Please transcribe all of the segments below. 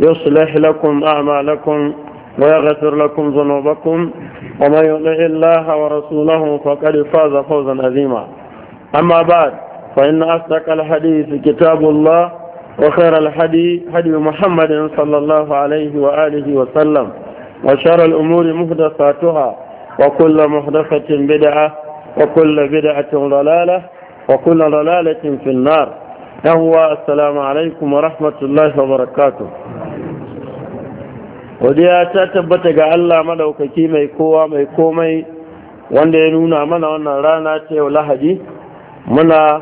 يصلح لكم أعمالكم ويغفر لكم ذنوبكم ومن يطع الله ورسوله فقد فاز فوزا عظيما أما بعد فإن أصدق الحديث كتاب الله وخير الحديث حدي محمد صلى الله عليه وآله وسلم وشر الأمور محدثاتها وكل محدثة بدعة وكل بدعة ضلالة وكل ضلالة في النار يهوى السلام عليكم ورحمة الله وبركاته ya ta tabbata ga Allah madaukaki mai kowa mai komai wanda ya nuna mana wannan rana ta yau lahadi muna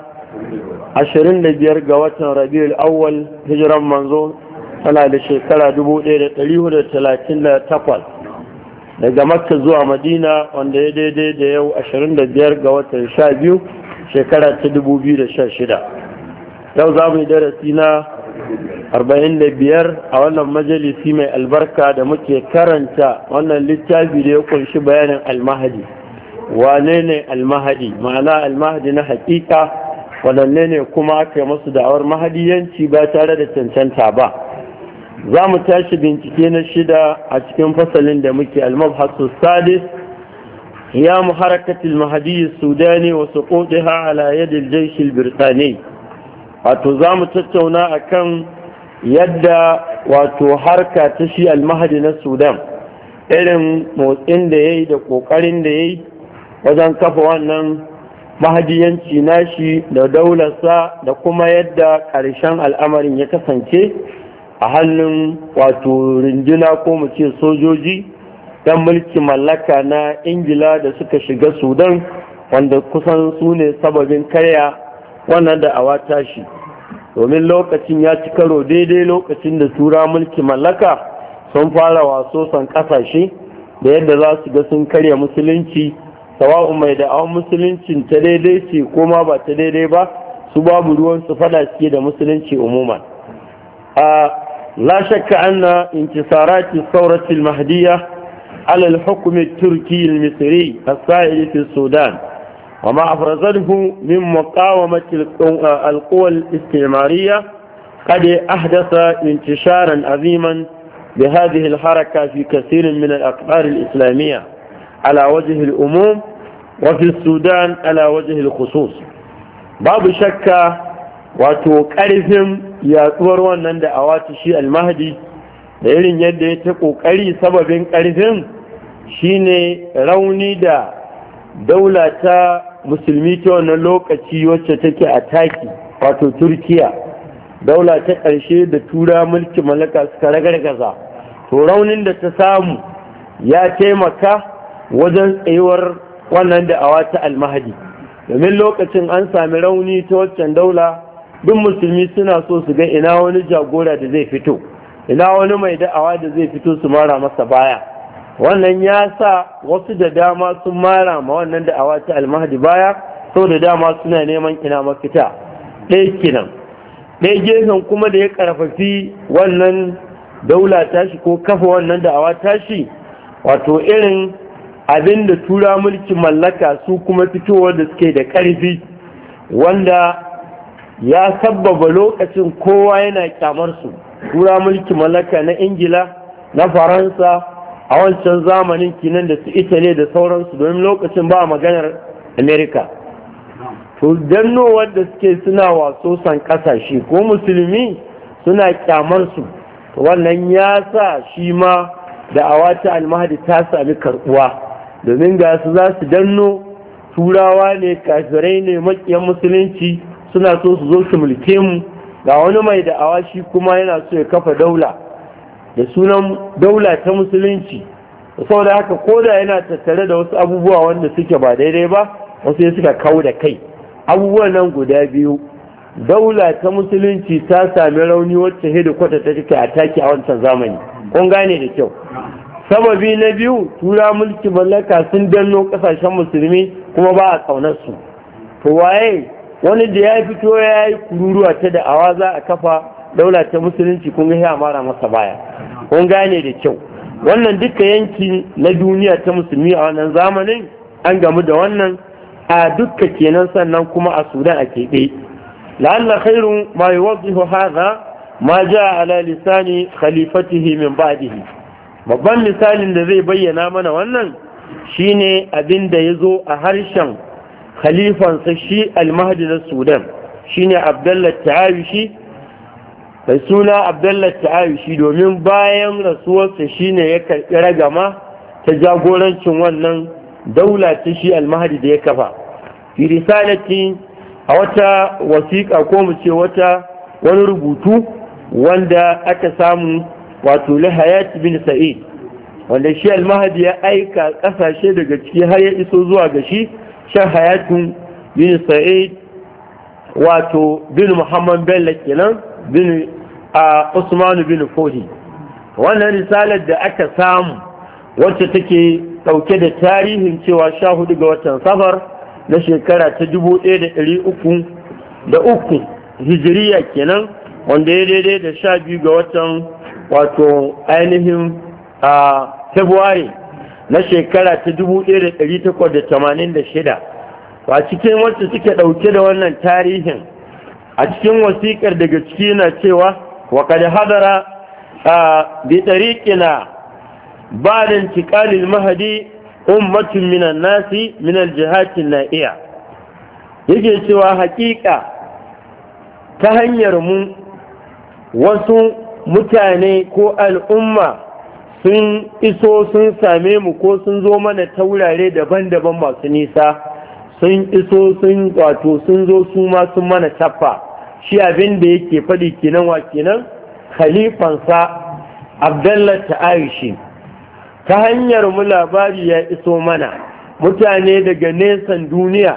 25 ga watan rabiul awwal hijiran manzo tana da shekara 1438 daga makka zuwa madina wanda ya daidai da yau 25 ga watan 12 shekara ta 2016 yau za mu yi darasi na arba'in da biyar a wannan majalisi mai albarka da muke karanta wannan littafi da ya kunshi bayanin almahadi wane ne almahadi ma'ana almahadi na hakika wadanne ne kuma aka yi masu da'awar mahadiyanci ba tare da cancanta ba za mu tashi bincike na shida a cikin fasalin da muke almabhasu sadis ya mu harakatil mahadi sudani wasu suqutiha ala halaye da al wato za mu tattauna a kan yadda wato harka ta shi almahadi na sudan irin motsin da ya yi da ƙoƙarin da ya yi wajen kafa wannan mahadiyanci nashi da daularsa da kuma yadda ƙarshen al'amarin ya kasance a hannun wato rinjina ko mu ce sojoji don mulki mallaka na ingila da suka shiga sudan wanda kusan su ne sababin karya wannan da awa tashi domin lokacin ya ci karo daidai lokacin da tura mulki mallaka sun fara waso san kasashe da yadda za su ga sun karya musulunci sawa'un mai da'awar musuluncin ta daidai ce ko ma ba ta daidai ba su babu ruwan su fada suke da musulunci umuma a la shakka anna intisarati sauratil mahdiyya ala al-hukm al turki al-misri as-sa'id fi sudan وما أفرزته من مقاومة القوى الاستعمارية قد أحدث انتشارا عظيما بهذه الحركة في كثير من الأقطار الإسلامية على وجه الأموم وفي السودان على وجه الخصوص باب شك وتوكرفهم يطورون نند أواتشي المهدي da irin yadda ya ta ƙoƙari sababin ƙarfin shine rauni da daula ta musulmi ta wannan lokaci wacce take a taki wato turkiya daula ta ƙarshe da tura mulki mallaka suka ragargaza to raunin da ta samu ya taimaka wajen tsayuwar wannan da'awa ta almahadi domin lokacin an sami rauni ta waccan daula duk musulmi suna so su ga ina wani jagora da zai fito ina wani mai da'awa da zai fito su mara masa baya wannan ya sa wasu da dama sun mara ma wannan da awata almahdi baya sau da dama suna neman ina mafita ɗaya kinan ɗaya gefen kuma da ya ƙarfafi wannan daula tashi ko kafa wannan da awa tashi wato irin abin da tura mulkin mallaka su kuma fitowar da suke da ƙarfi wanda ya sabbaba lokacin kowa yana kyamar su tura mulkin mallaka na ingila na faransa a wancan zamanin kinan da su italy da sauransu domin lokacin ba maganar Amerika. to danno wanda suke suna waso san kasashe ko musulmi suna kyamar su wannan ya sa shi ma da awata almahadi ta sami karbuwa domin ga su za su danno turawa ne kafirai ne makiyan musulunci suna so su zo su mulke mu ga wani mai da'awa shi kuma yana so ya kafa daula da sunan daula ta musulunci saboda haka koda yana tattare da wasu abubuwa wanda suke ba daidai ba wasu suka kawo da kai abubuwan nan guda biyu daula ta musulunci ta sami rauni wacce kwata ta take a taki a wancan zamani kun gane da kyau sababi na biyu tura mulki mallaka sun danno kasashen musulmi kuma ba a kaunar su to waye wani da ya fito ya yi kururuwa ta da'awa za a kafa daula ta musulunci kun ga ya mara masa baya kun gane da kyau wannan duka yanki na duniya ta musulmi a wannan zamanin an gamu da wannan a dukka kenan sannan kuma a sudan a keɓe la'alla khairun ma yuwaddihu haza ma a ala lisani khalifatihi min ba'dihi babban misalin da zai bayyana mana wannan shine abin da ya zo a harshen khalifansa shi al na sudan shine abdallah ta'awishi da suna abdullahi ta'ayushi domin bayan rasuwarsa shine ya karɓi ragama ta jagorancin wannan daula ta shi almahadi da ya kafa fi risalati a wata wasiƙa ko mu ce wata wani rubutu wanda aka samu wato lahayat bin sa'id wanda shi almahadi ya aika ƙasashe daga ciki har ya iso zuwa ga shi shan hayatun bin sa'id wato bin muhammad bello kenan bin Usman bin Fodi wannan risalar da aka samu wacce take ɗauke da tarihin cewa sha hudu ga watan safar na shekara ta dubu ɗaya da ɗari uku da uku hijiriya kenan wanda ya daidai da sha biyu ga watan wato ainihin a Februari. na shekara ta dubu ɗaya da ɗari takwas da tamanin da shida ba cikin wacce suke ɗauke da wannan tarihin a cikin wasiƙar daga ciki na cewa wa hadara bi tariqina ba da al mahadi ummatun minan nasi min al-jihat iya." yake cewa haƙiƙa ta hanyar mu wasu mutane ko al'umma sun iso sun same mu ko sun zo mana taurare daban-daban masu nisa sun iso sun wato sun zo su ma sun mana taffa shi abin da yake faɗi kenan wa kenan khalifansa abdallah ta'ayishi ta hanyar mu labari ya iso mana mutane daga nesan duniya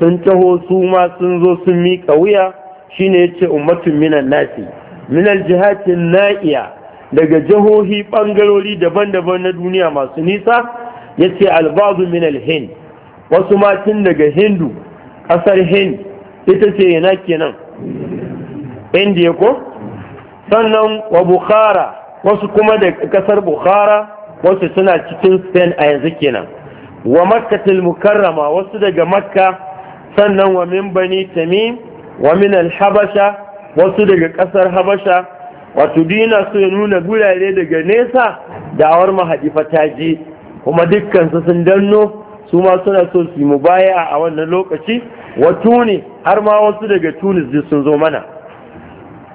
sun taho su ma sun zo sun miƙa wuya shine yace ummatun minan nasi minal jihatin na'iya daga jihohi ɓangarori daban-daban na duniya masu nisa yace albazu minal hind wasu matin daga hindu kasar hind ita ce yana kenan indiya ko sannan wa bukhara wasu kuma da kasar bukhara wasu suna cikin spain a yanzu kenan wa makkatul mukarrama wasu daga makka sannan wa min bani tamim wa min Alhabasha, wasu daga kasar habasha wato dina su nuna gurare daga nesa da awar mahadifa ta je kuma dukkan su sun danno su ma suna so su yi baya a wannan lokaci wa tuni har ma wasu daga tunis duk sun zo mana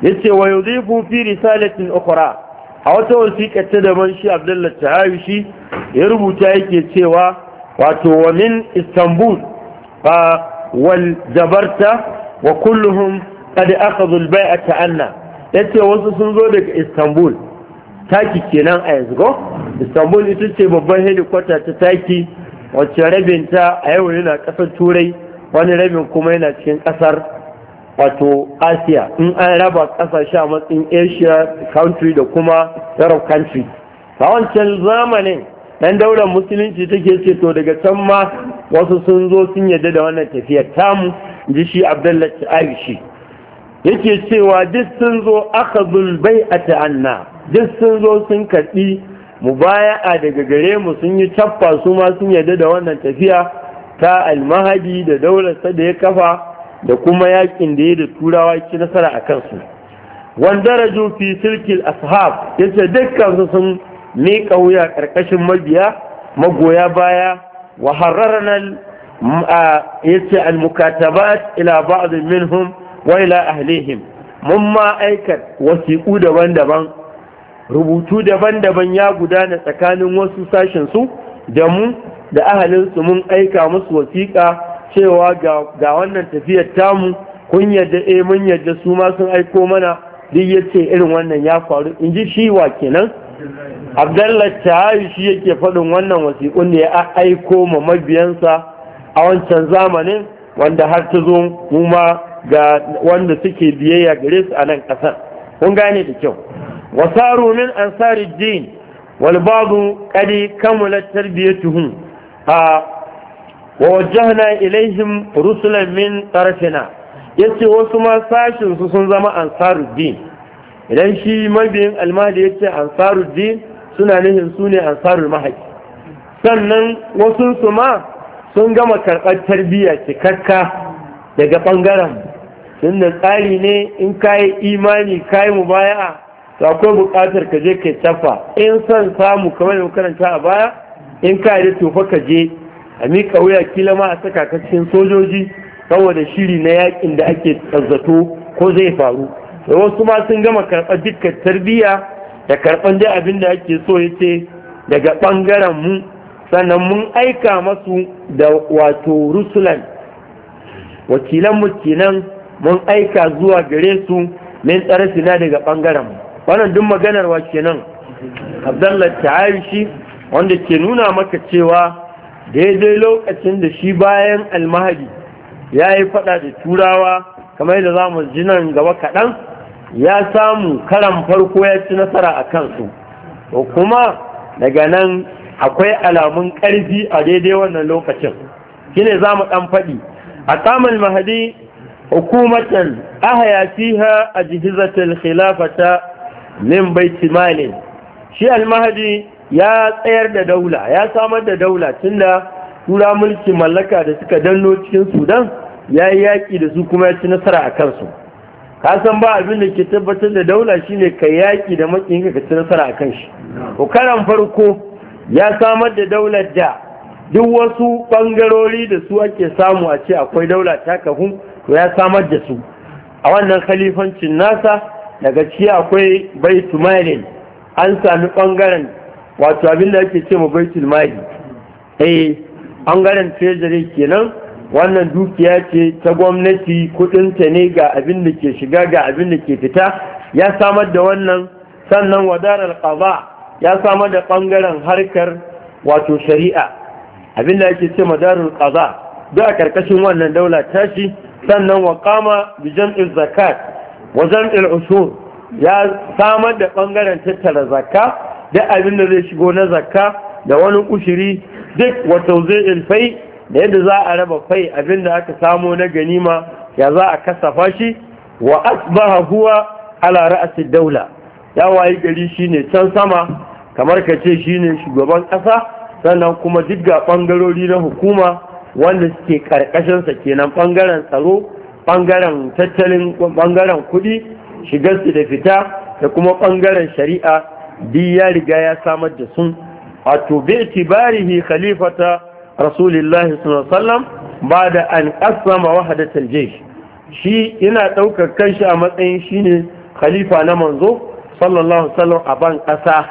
yace wa zai fi risalatin ukhra a wata wasiƙa ta daban shi Abdullah Tahawishi ya rubuta yake cewa wato wa min Istanbul fa wal jabarta wa kulluhum qad akhadhu al bai'ata anna yace wasu sun zo daga Istanbul taki kenan a yanzu go Istanbul ita ce babban hedikwata ta taki wacce rabinta a yau yana kasar turai wani rabin kuma yana cikin ƙasar wato asiya in an raba ƙasashe a matsayin asia country da kuma europe country a wancan zamanin ɗan daular musulunci take ce to daga can ma wasu sun zo sun yadda da wannan tafiyar tamu ji shi abdullahi aishi yake cewa duk sun zo aka zulbai a ta'anna duk sun zo sun karɗi mubaya'a daga gare mu sun yi tabba su ma sun yarda da wannan tafiya ta almahadi da daularsa da ya kafa da kuma yakin da ya da turawa ci nasara a kansu wandaraju fi silkil ashab yace dukkan su sun miƙa wuya ƙarƙashin mabiya magoya baya wa hararna yace almukatabat ila ba'd minhum wa ila ahlihim mun ma aikata wasiƙu daban-daban rubutu daban-daban ya gudana tsakanin wasu sashensu da mu da ahalinsu mun aika musu wasiƙa cewa ga wannan tafiyar tamu kun yadda eh mun yadda su ma sun aiko mana duk ya ce irin wannan ya faru in ji shi wa kenan abdallah tahayi shi yake faɗin wannan wasiƙun da ya aiko ma mabiyansa a wancan zamanin wanda har ta zo mu ma ga wanda suke biyayya gare su a nan ƙasar kun gane da kyau wasaru min ansari din wal ba'du qad kamulat tarbiyatuhum a wa wajjahna ilaihim rusulan min tarafina yace wasu ma sashin su sun zama ansaruddin idan shi mabiyin almahdi yace ansaruddin suna nihin su ne ansarul mahdi sannan wasu ma sun gama karɓar tarbiyya cikakka daga ɓangaren tunda tsari ne in kayi imani kayi mubaya'a to akwai buƙatar ka je kai tafa in son samu kamar da karanta a baya in ka yi tofa ka je a miƙa wuya kila ma a saka ka cikin sojoji saboda shiri na yakin da ake tsazzato ko zai faru da wasu ma sun gama karɓar dukkan tarbiyya da karɓar dai abin da ake so ya ce daga ɓangaren mu sannan mun aika masu da wato rusulan wakilan mu kenan mun aika zuwa gare su min sina daga ɓangaren mu wannan duk maganar wa kenan abdullahi ta'arishi wanda ke nuna maka cewa daidai lokacin da shi bayan almahadi ya yi fada da turawa kamar yadda zamu mu ji nan gaba kaɗan ya samu karan farko ya ci nasara a kansu to kuma daga nan akwai alamun ƙarfi a daidai wannan lokacin shine za mu ɗan faɗi a tsamal mahadi hukumatan ahaya fiha a jihizatul khilafata min baiti malin shi almahadi ya tsayar da daula ya samar da daula tunda tura mulkin mallaka da suka danno cikin sudan ya yi yaƙi da su kuma ya ci nasara a kansu ka san ba abin da ke tabbatar da daula shine ka yaƙi da makin ka ci nasara a kan shi karan farko ya samar da Daula da duk wasu ɓangarori da su ake samu a ce akwai daula ta kafin to ya samar da su a wannan khalifancin nasa daga ci akwai baitul mali an sami bangaren wato abin da ake ce ma baitul mali eh bangaren treasury kenan wannan dukiya ce ta gwamnati ta ne ga abin da ke shiga ga abin da ke fita ya samar da wannan sannan wadar qaza ya samar da bangaren harkar wato shari'a abin da ake ce madarul qaza duk a karkashin wannan daula tashi sannan wa qama bi jam'i zakat wajen il'usur ya samar da ɓangaren tattara zakka da abin da zai shigo na zakka da wani kushiri duk wata zai ilfai da yadda za a raba fai abin da aka samo na ganima ya za a kasafa shi wa asbaha huwa ala ra'asi daula ya wayi gari shine can sama kamar ka ce shine shugaban ƙasa sannan kuma duk ga ɓangarori na hukuma wanda suke ƙarƙashinsa kenan ɓangaren tsaro ɓangaren tattalin ɓangaren kuɗi shigarsu da fita da kuma ɓangaren shari'a duk ya riga ya samar da sun wato bi itibarihi khalifata rasulillahi sallam ba da an kasama wahadatul jaysh shi ina ɗaukar kanshi a matsayin shine khalifa na manzo sallallahu sallam a ban ƙasa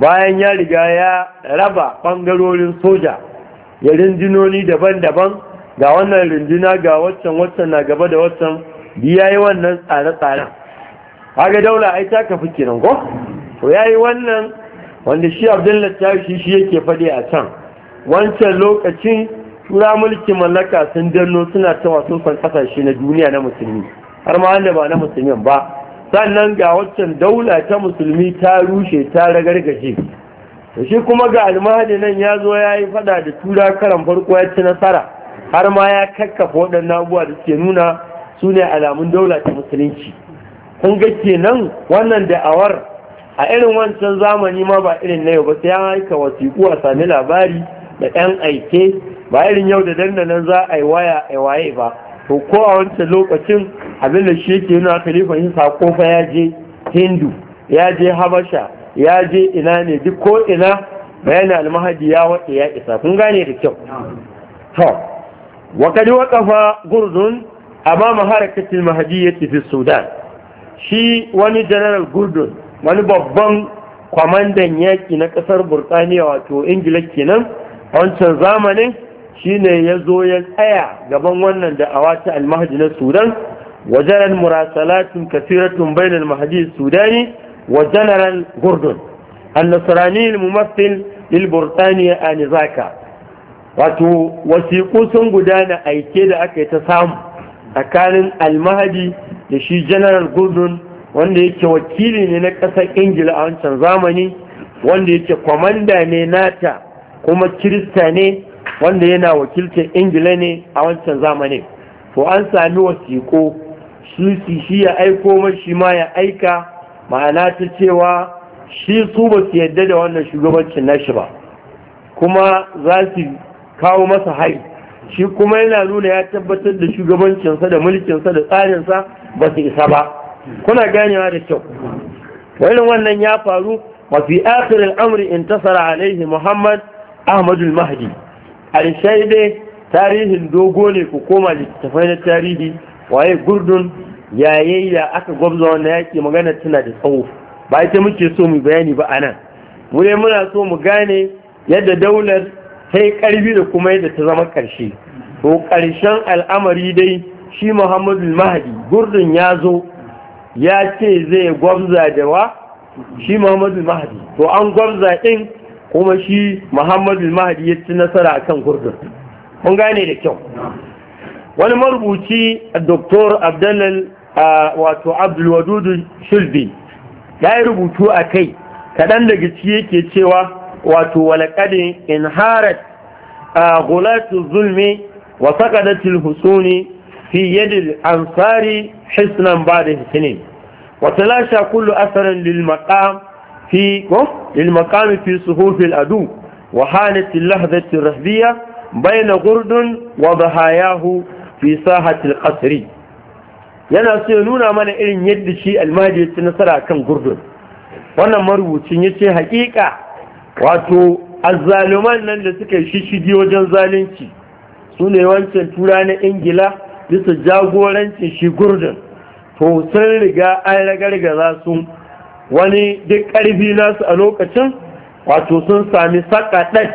bayan ya riga ya raba ɓangarorin soja ya rinjinoni daban-daban ga wannan rinduna ga waccan waccan na gaba da waccan biya yi wannan tsare-tsaren haga daula ai ta kafi kiran ko to yayi wannan wanda shi abdullahi ta shi shi yake faɗi a can wancan lokacin tura mulkin mallaka sun danno suna ta wasu kan kasashe na duniya na musulmi har ma wanda ba na musulmin ba sannan ga waccan daula ta musulmi ta rushe ta ragargaje shi kuma ga almahadi nan ya zo ya yi fada da tura karan farko ya ci nasara har ma ya kakkafa waɗannan abubuwa da suke nuna su ne alamun daula ta musulunci kun ga kenan wannan da'awar a irin wancan zamani ma ba irin na yau ba sai ya aika wasiƙu a sami labari da ɗan aike ba irin yau da dandanan za a yi waya a waye ba to ko a wancan lokacin abin da shi yake nuna khalifa yin sako fa ya je hindu ya je habasha ya je ina ne duk ko ina bayanin almahadi ya waɗe ya isa kun gane da kyau to وقد وقف جرد maharakacin mahadi ya في Sudan, shi wani Janaral جرد wani babban kwamandan yaƙi na ƙasar burtaniya wato ingila kenan wancan zamanin shine ya zo ya tsaya gaban wannan da'awa ta almahadi na sudan wa janar murasalatun kasiratun bainal mahadi sudani wa janar gurdon annasarani mumassil il burtaniya a nizaka wato wasiƙu sun gudana aike da aka yi ta samu tsakanin almahadi da shi general gordon wanda yake wakili ne na ƙasar ingila a wancan zamani wanda yake kwamanda ne nata kuma kirista ne wanda yana wakiltar ingila ne a wancan zamani to an sami wasiƙo su shi ya aiko mashi ma ya aika ma'ana ta cewa shi su ba su yadda da wannan shugabancin nashi ba kuma za su kawo masa hari shi kuma yana nuna ya tabbatar da shugabancinsa da mulkinsa da tsarinsa ba su isa ba kuna ganewa da kyau wani wannan ya faru mafi akhir amri in tasara alaihi muhammad Ahmadu mahdi shaide tarihin dogo ne ku koma littattafai na tarihi waye gurdun yayayya aka gwamza wannan yaki magana tana da tsawo ba ita muke so mu bayani ba anan mu dai muna so mu gane yadda daular sai ƙarfi da kuma yadda ta zama karshe to karshen al'amari dai shi muhammadu mahadi gurdun ya zo ya ce zai gwamza da wa shi muhammadu mahadi to an gwamza din kuma shi muhammadu mahadi ya ci nasara a kan gurdun mun gane da kyau wani marubuci dr abdallal wato abdulwadudu shirbi ya yi rubutu a kai kaɗan daga ciki yake cewa wato walakadin inharat a gulatu zulmi wa sakadatul husuni fi yadil ansari hisnan ba da hisnin wa lasha kullu asarin lil maqam fi lil maqam fi suhufil adu wa halat lahdati rahbiya bayna gurdun wa bahayahu fi sahatil ƙasari, yana so ya nuna mana irin yadda shi almahdi ya ci nasara kan gurdun wannan marubucin ya ce hakika wato azzaluman nan da suka shishigi wajen zalunci su ne wancan tura na ingila bisa jagorancin shi gurdun to sun riga an ragargaza su wani duk ƙarfi nasu a lokacin wato sun sami saƙaɗar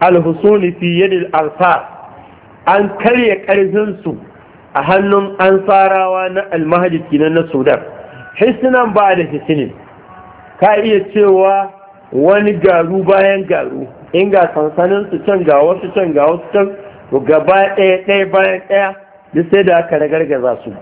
alhussoni fiye da alfa an karya ƙarfinsu a hannun ansarawa na almahadi kinan na sudan hisnan ba da hisinin ka iya cewa wani garu bayan garu in ga sansanin su can ga wasu can ga wasu can gaba ɗaya ɗaya bayan ɗaya duk sai da aka ragargaza su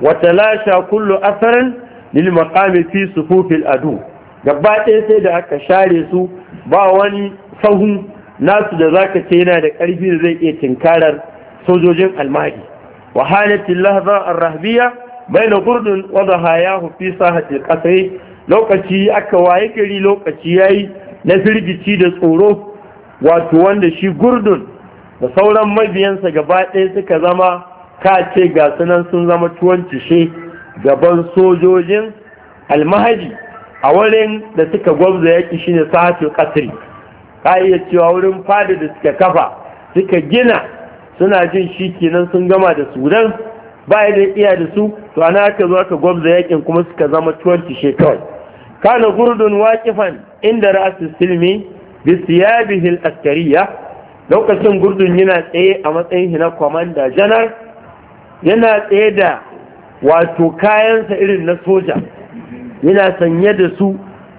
wata lasha kullu asarin lil maqami fi sufufil adu gaba ɗaya sai da aka share su ba wani sahun nasu da zaka ce yana da ƙarfi da zai iya tinkarar sojojin almahdi wa halatil lahza ar na baina qurdun wa dhahayahu fi sahati al lokaci aka waye gari lokaci yi na firgici da tsoro wato wanda shi gurdun da sauran mabiyansa gaba ɗaya suka zama ka ce ga sunan sun zama tuwon cishe gaban sojojin almahaji a wurin da suka gwabza yaƙi ne sahatul kasri ka iya cewa wurin fada da suka kafa suka gina suna jin shi kenan sun gama da sudan ba da iya da su to ana aka zo aka gwamza yakin kuma suka zama tuwon cishe kawai kana gurdun wakifan inda ra'asu silmi bi siyabihil askariya lokacin gurdun yana tsaye a matsayin shi na kwamanda janar yana tsaye da wato kayansa irin na soja yana sanye da su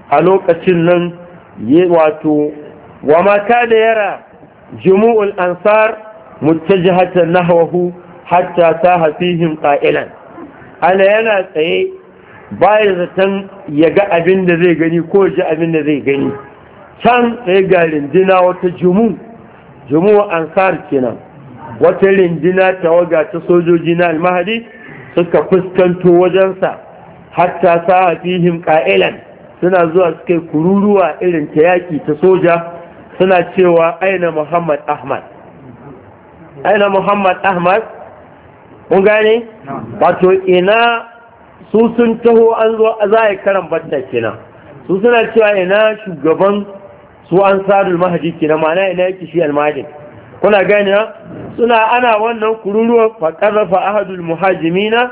a lokacin nan wato wa mata da yara jumu'ul ansar na nahwahu hatta saha fihim qa'ilan ana yana tsaye baya zaton ya ga abin da zai gani ko ji abin da zai gani can tsaye ga rindina wata jumu jumu ansar kenan wata rindina tawaga ta sojoji na almahadi suka fuskanto wajensa hatta sa fihim ƙa'ilan suna zuwa suka kururuwa irin ta yaƙi ta soja suna cewa aina muhammad ahmad aina muhammad ahmad kun gane wato ina su sun taho an zo za a yi karan batta kenan su suna cewa ina shugaban su an sadul mahadi kenan ma'ana ina yake shi almahadin kuna gani suna ana wannan kururuwa faƙarrafa ahadul muhajimina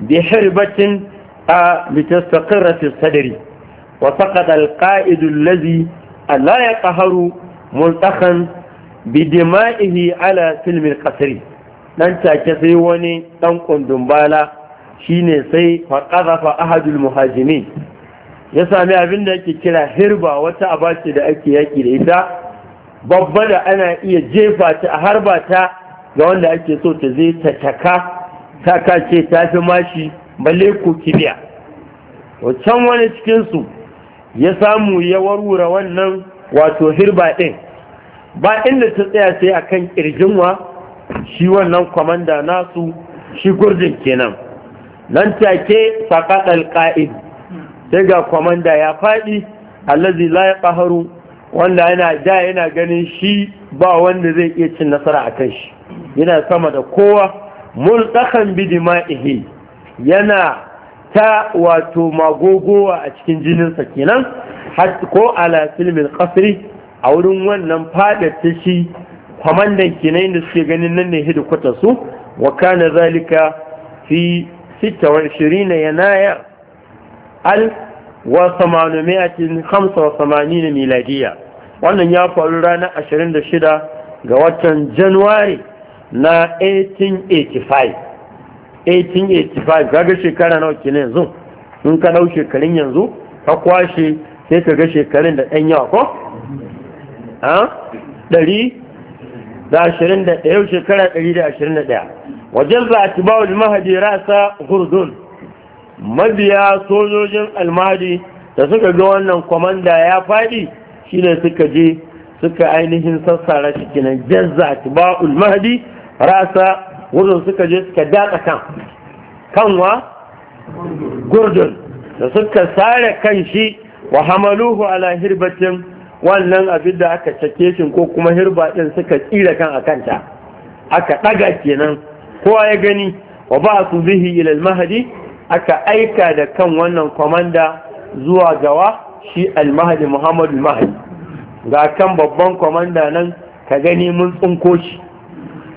bi hirbatin a litastaqirra fi sadri wa saqata alqa'id allazi la yaqharu multakhan bi dima'ihi ala silmi alqasri nan take sai wani dan kundun bala shine sai faƙazafa ahadul muhajimin ya sami abin da yake kira hirba wata abace da ake yaƙi da ita babba da ana iya jefa ta a harba ta ga wanda ake so ta zai ta taka taka ce ta fi mashi balle ko kibiya can wani cikinsu ya samu ya warwura wannan wato hirba ɗin ba inda ta tsaya sai akan kirjinwa shi wannan kwamanda nasu shi gurdin kenan nan take faƙaɗar alƙa'id sai ga kwamanda ya faɗi allazi la ƙaharu wanda yana da yana ganin shi ba wanda zai iya cin nasara a kai shi yana sama da kowa mulɗakan bidima'ihi yana ta wato magogowa a cikin jininsa kenan ko ala filmin kasri a wurin wannan ta shi kwamandan kenan da suke ganin nan ne hidikwatar su wa kana zalika fi ستة وعشرين يناير ألف وثمانمائة خمسة وثمانين ميلادية wannan ya faru ranar 26 ga watan januwari na 1885 1885 ga shekara nawa kenan yanzu in ka dau shekarun yanzu ka kwashe sai ka ga shekarun da ɗan yawa ko? ɗari da ashirin da ɗaya shekara ɗari da ashirin da ɗaya wajen za a ci bawul mahadi rasa hurdun mabiya sojojin almadi da suka ga wannan kwamanda ya faɗi shine suka je suka ainihin sassara shi kinan jazza tiba'ul mahdi rasa wurin suka je suka daɗa kan kanwa gurdun da suka sare kan shi wa hamaluhu ala hirbatin wannan abin da aka cake shi ko kuma hirba din suka tsira kan akanta, aka ɗaga kenan kowa ya gani wa ba su bihi ilal mahadi aka aika da kan wannan kwamanda zuwa gawa shi almahadi muhammadu mahadi ga kan babban kwamanda nan ka gani mun tsinko shi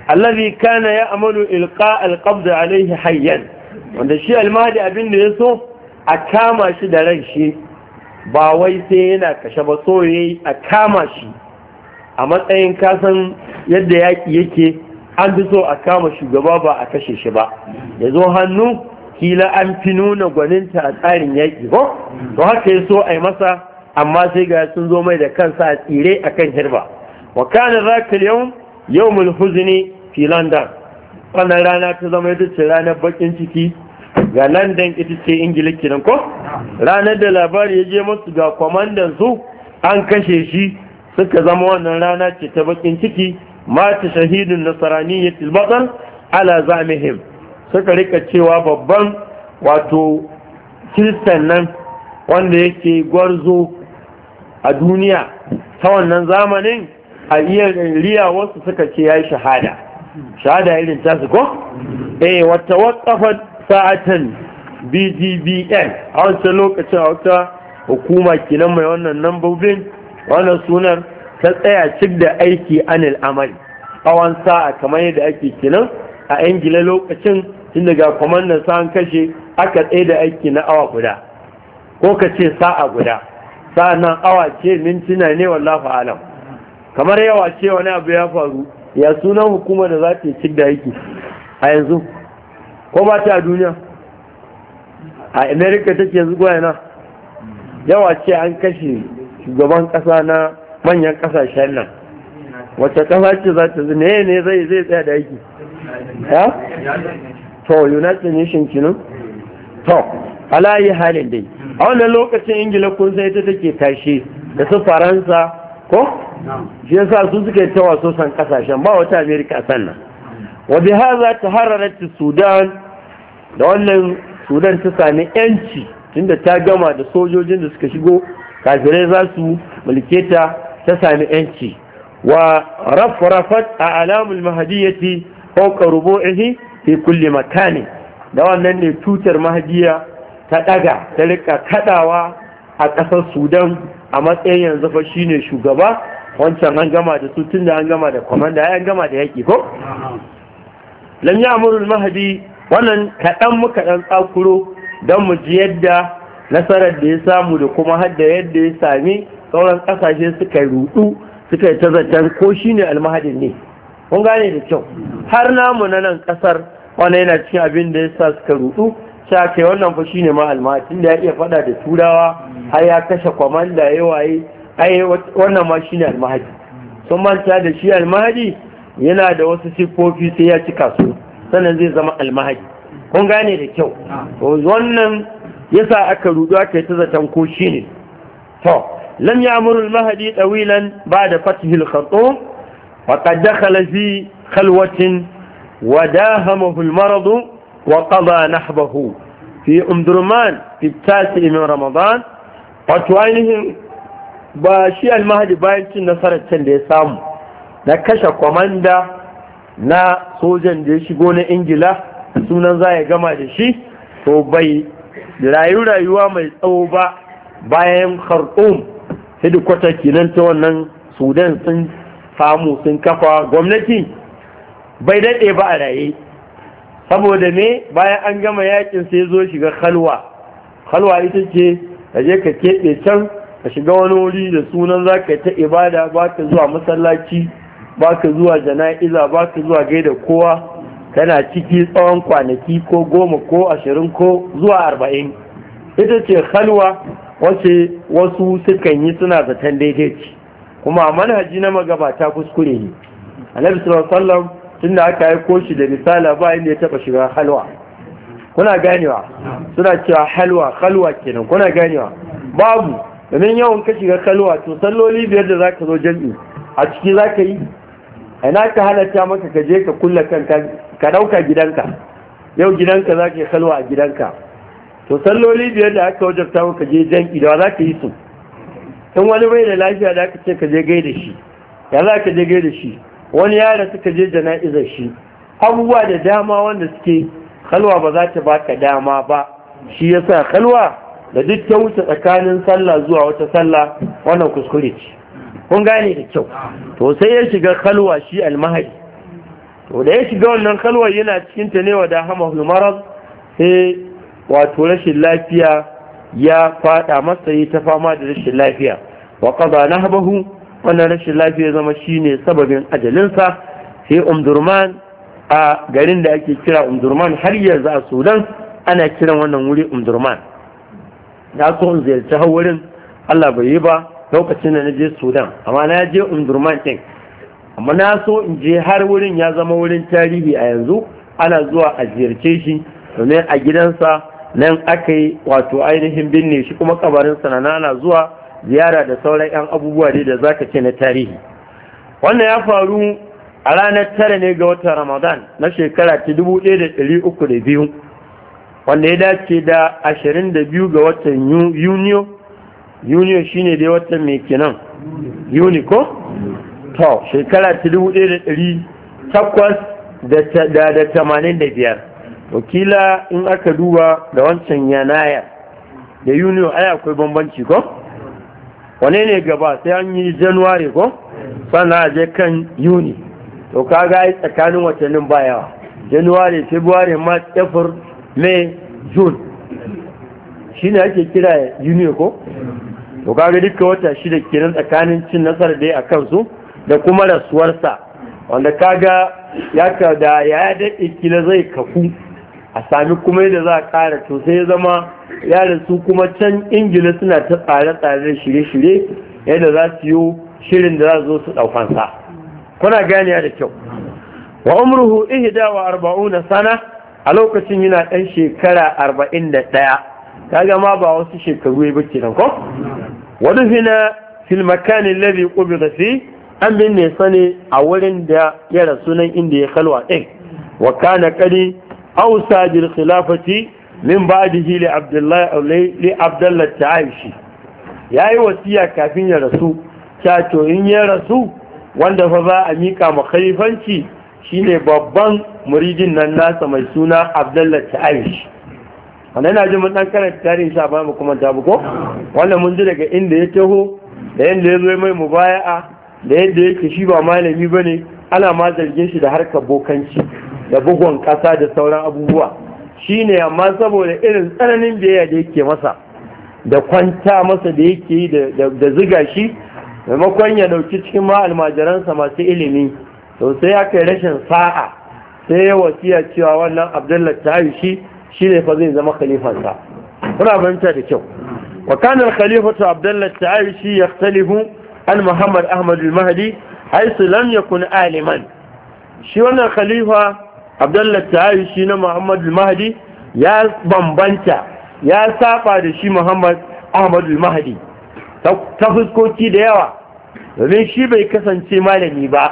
allazi kana ya amalu ilqa alqabd alaihi hayyan wanda shi almahadi abin da ya so a kama shi da ran shi ba wai sai yana kashe ba so yi a kama shi a matsayin kasan yadda yaki yake an fi so a kama shugaba ba a kashe shi ba ya zo hannu kila an fi nuna gwaninta a tsarin yaƙi ba. to haka ya so a yi masa amma sai ga sun zo mai da kansa a tsire a kan hirba wa kana zakal yau yau mulhuzini fi london wannan rana ta zama ita ce ranar bakin ciki ga london ita ce ingila kenan ko ranar da labari ya je masu ga kwamandan su an kashe shi suka zama wannan rana ce ta bakin ciki mata shahidun nasarani ya tilbatar ala zamihim suka rika cewa babban wato kiristan nan wanda yake gwarzo a duniya ta wannan zamanin a iya riya wasu suka ce ya yi shahada shahada irin su ko eh wata wata. sa'atan bdbn a wancan lokacin a wata hukuma nan mai wannan nambobin wannan sunar ta tsaya cik da aiki anil a wani sa'a kamar yadda ake kenan a yan gila lokacin tun daga kwamandan sa'an kashe aka tsaye da aiki na awa guda ko ka ce sa'a guda nan awa ce mintuna ne wallafa alam kamar yawa ce wani abu ya faru ya sunan hukumar da za ta yi cik da aiki a yanzu ko ba ta duniya a america take yanzu goya yawa ce an kashe shugaban kasa na manyan kasashen nan wacce kasa ce za ta ne ne zai zai tsaya da aiki ya to united nation kinu to alayi halin dai a wannan lokacin ingila kun sai ta take tashe da su faransa ko shi yasa su suke ta waso san kasashen ba wata america a sannan wa bi haza taharrarat Sudan da wannan Sudan ta sami yanci tunda ta gama da sojojin da suka shigo kafirai za su mulke ta ta sami yanci wa rafrafat a alamul mahadiyyati fawqa rubu'ihi fi kulli makani da wannan ne tutar mahadiya ta daga ta rika kadawa a ƙasar Sudan a matsayin yanzu fa shine shugaba wancan an gama da su tunda an gama da komanda an gama da yaki ko lam ya'muru al-mahdi wannan kaɗan muka ɗan tsakuro don mu ji yadda nasarar da ya samu da kuma hadda yadda ya sami sauran ƙasashe suka rudu suka yi tazartar ko shi ne almahadin ne kun gane da kyau har namu na nan ƙasar wannan yana cikin abin da ya sa suka rudu sha kai wannan fa shi ne ma almahadin da ya iya faɗa da turawa har ya kashe kwamanda ya waye ai wannan ma shi ne almahadi sun manta da shi almahadi yana da wasu siffofi sai ya cika su sannan zai zama almahadi kun gane da kyau wannan yasa aka rudu aka yi ta zaton ko shi ne to lam ɗawilan ba da tawilan ba'da fathi al-khartum wa qad dakhala fi khalwatin wa dahamahu al-marad wa qada nahbahu fi umdurman fi tasi min ramadan wato ainihin ba shi al-mahdi bayan cin nasarar can da ya samu na kashe kwamanda na sojan da ya shigo na ingila sunan za ya gama da shi to bai rayu rayuwa mai tsawo ba bayan khartoum hidikwata kinan ta wannan sudan sun samu sun kafa gwamnati bai daɗe ba a raye saboda ne bayan an gama yakin sai zo shiga khalwa khalwa ita ce ka je ka keɓe can ka shiga wani wuri da sunan za ka ta ibada ba ka zuwa masallaci baka zuwa jana'iza baka zuwa gaida kowa tana ciki tsawon kwanaki ko goma ko ashirin ko zuwa arba'in ita ce halwa wace wasu sukan yi suna zaton daidai ce kuma manhaji na magabata kuskure ne annabi sallallahu alaihi tun da aka yi koshi da misala ba inda ya taba shiga halwa kuna ganewa suna cewa halwa halwa kenan kuna ganewa babu domin yawan ka shiga halwa to salloli biyar da zaka zo jami'i a ciki zaka yi ina ka halatta maka ka je ka kulla kanka ka dauka gidanka yau gidanka za ka kalwa a gidanka to salloli biyar da aka wajabta maka je janki da za ka yi su in wani bai da lafiya da aka ce ka je gaida shi ya za ka je gaida shi wani yara suka je jana'izar shi abubuwa da dama wanda suke kalwa ba za ta baka dama ba shi yasa kalwa da duk ta wuce tsakanin sallah zuwa wata sallah wannan kuskure ce kun gane da kyau to sai ya shiga kalwa shi almahari to da ya shiga wannan kalwa yana cikin ta ne da hama marad sai wato rashin lafiya ya fada masa yi ta fama da rashin lafiya wa qada habahu wannan rashin lafiya zama shine sababin ajalinsa sai umdurman a garin da ake kira umdurman har yanzu a sudan ana kiran wannan wuri umdurman na so in ziyarci hawurin Allah bai yi ba lokacin da na je sudan amma na je umdurman ɗin amma na so in je har wurin ya zama wurin tarihi a yanzu ana zuwa a ziyarce shi domin a gidansa nan aka yi wato ainihin binne shi kuma kabarinsa na ana zuwa ziyara da sauran 'yan abubuwa dai da zaka ce na tarihi wannan ya faru a ranar tara ne ga watan ramadan na shekara ta biyu, wanda ya dace da biyu ga watan yuniyo yuniyo shine dai watan mai kenan yuni ko to shekara ta dubu biyar wakila in aka duba da wancan yanaya da yuniyo ai akwai bambanci ko wane ne gaba sai an yi januwari ko sannan je kan yuni to kaga ai tsakanin watannin ba yawa januwari february march april may june shine ake kira yuniyo ko to kaga duka wata shida kenan tsakanin cin nasarar da ya a kansu da kuma rasuwarsa wanda kaga ya ka da ya daɗe kila zai kafu a sami kuma yadda za a ƙara to sai ya zama ya su kuma can ingila suna ta tsare-tsare shirye-shirye yadda za su yi shirin da za su zo su ɗaukansa kuna ganiya da kyau wa umruhu ihda wa arba'una sana a lokacin yana ɗan shekara arba'in da ɗaya kaga ma ba wasu shekaru ya kenan ko ودفن في المكان الذي قبض فيه an binne sani a wurin da ya rasu nan inda ya kalwa ɗin wa kana kari ausa bil khilafati min ba'dihi hili abdullahi li abdullahi ta'ishi yayi wasiya kafin ya rasu ta to ya rasu wanda fa za a mika ma khalifanci shine babban muridin nasa mai suna abdullahi ta'ishi wanda yana jin mun dan karanta tarihi sha ba mu kuma tabu ko wannan mun ji daga inda ya taho da yadda ya zo mai mubaya'a da yadda yake shi ba malami bane ana ma zargin shi da harkar bokanci da bugun kasa da sauran abubuwa shine amma saboda irin tsananin biyayya da yake masa da kwanta masa da yake yi da ziga shi maimakon ya dauki cikin ma almajiransa masu ilimi to sai aka yi rashin sa'a sai ya wasiya cewa wannan abdullahi ta shi shi ne fa zai zama khalifansa kuna fahimta da kyau wa kana al-khalifatu abdullahi ya yaktalifu an muhammad ahmad al-mahdi haisu lam yakun aliman shi wannan khalifa abdullahi ta'ashi na muhammad al-mahdi ya bambanta ya saba da shi muhammad ahmad al-mahdi ta fuskoki da yawa domin shi bai kasance malami ba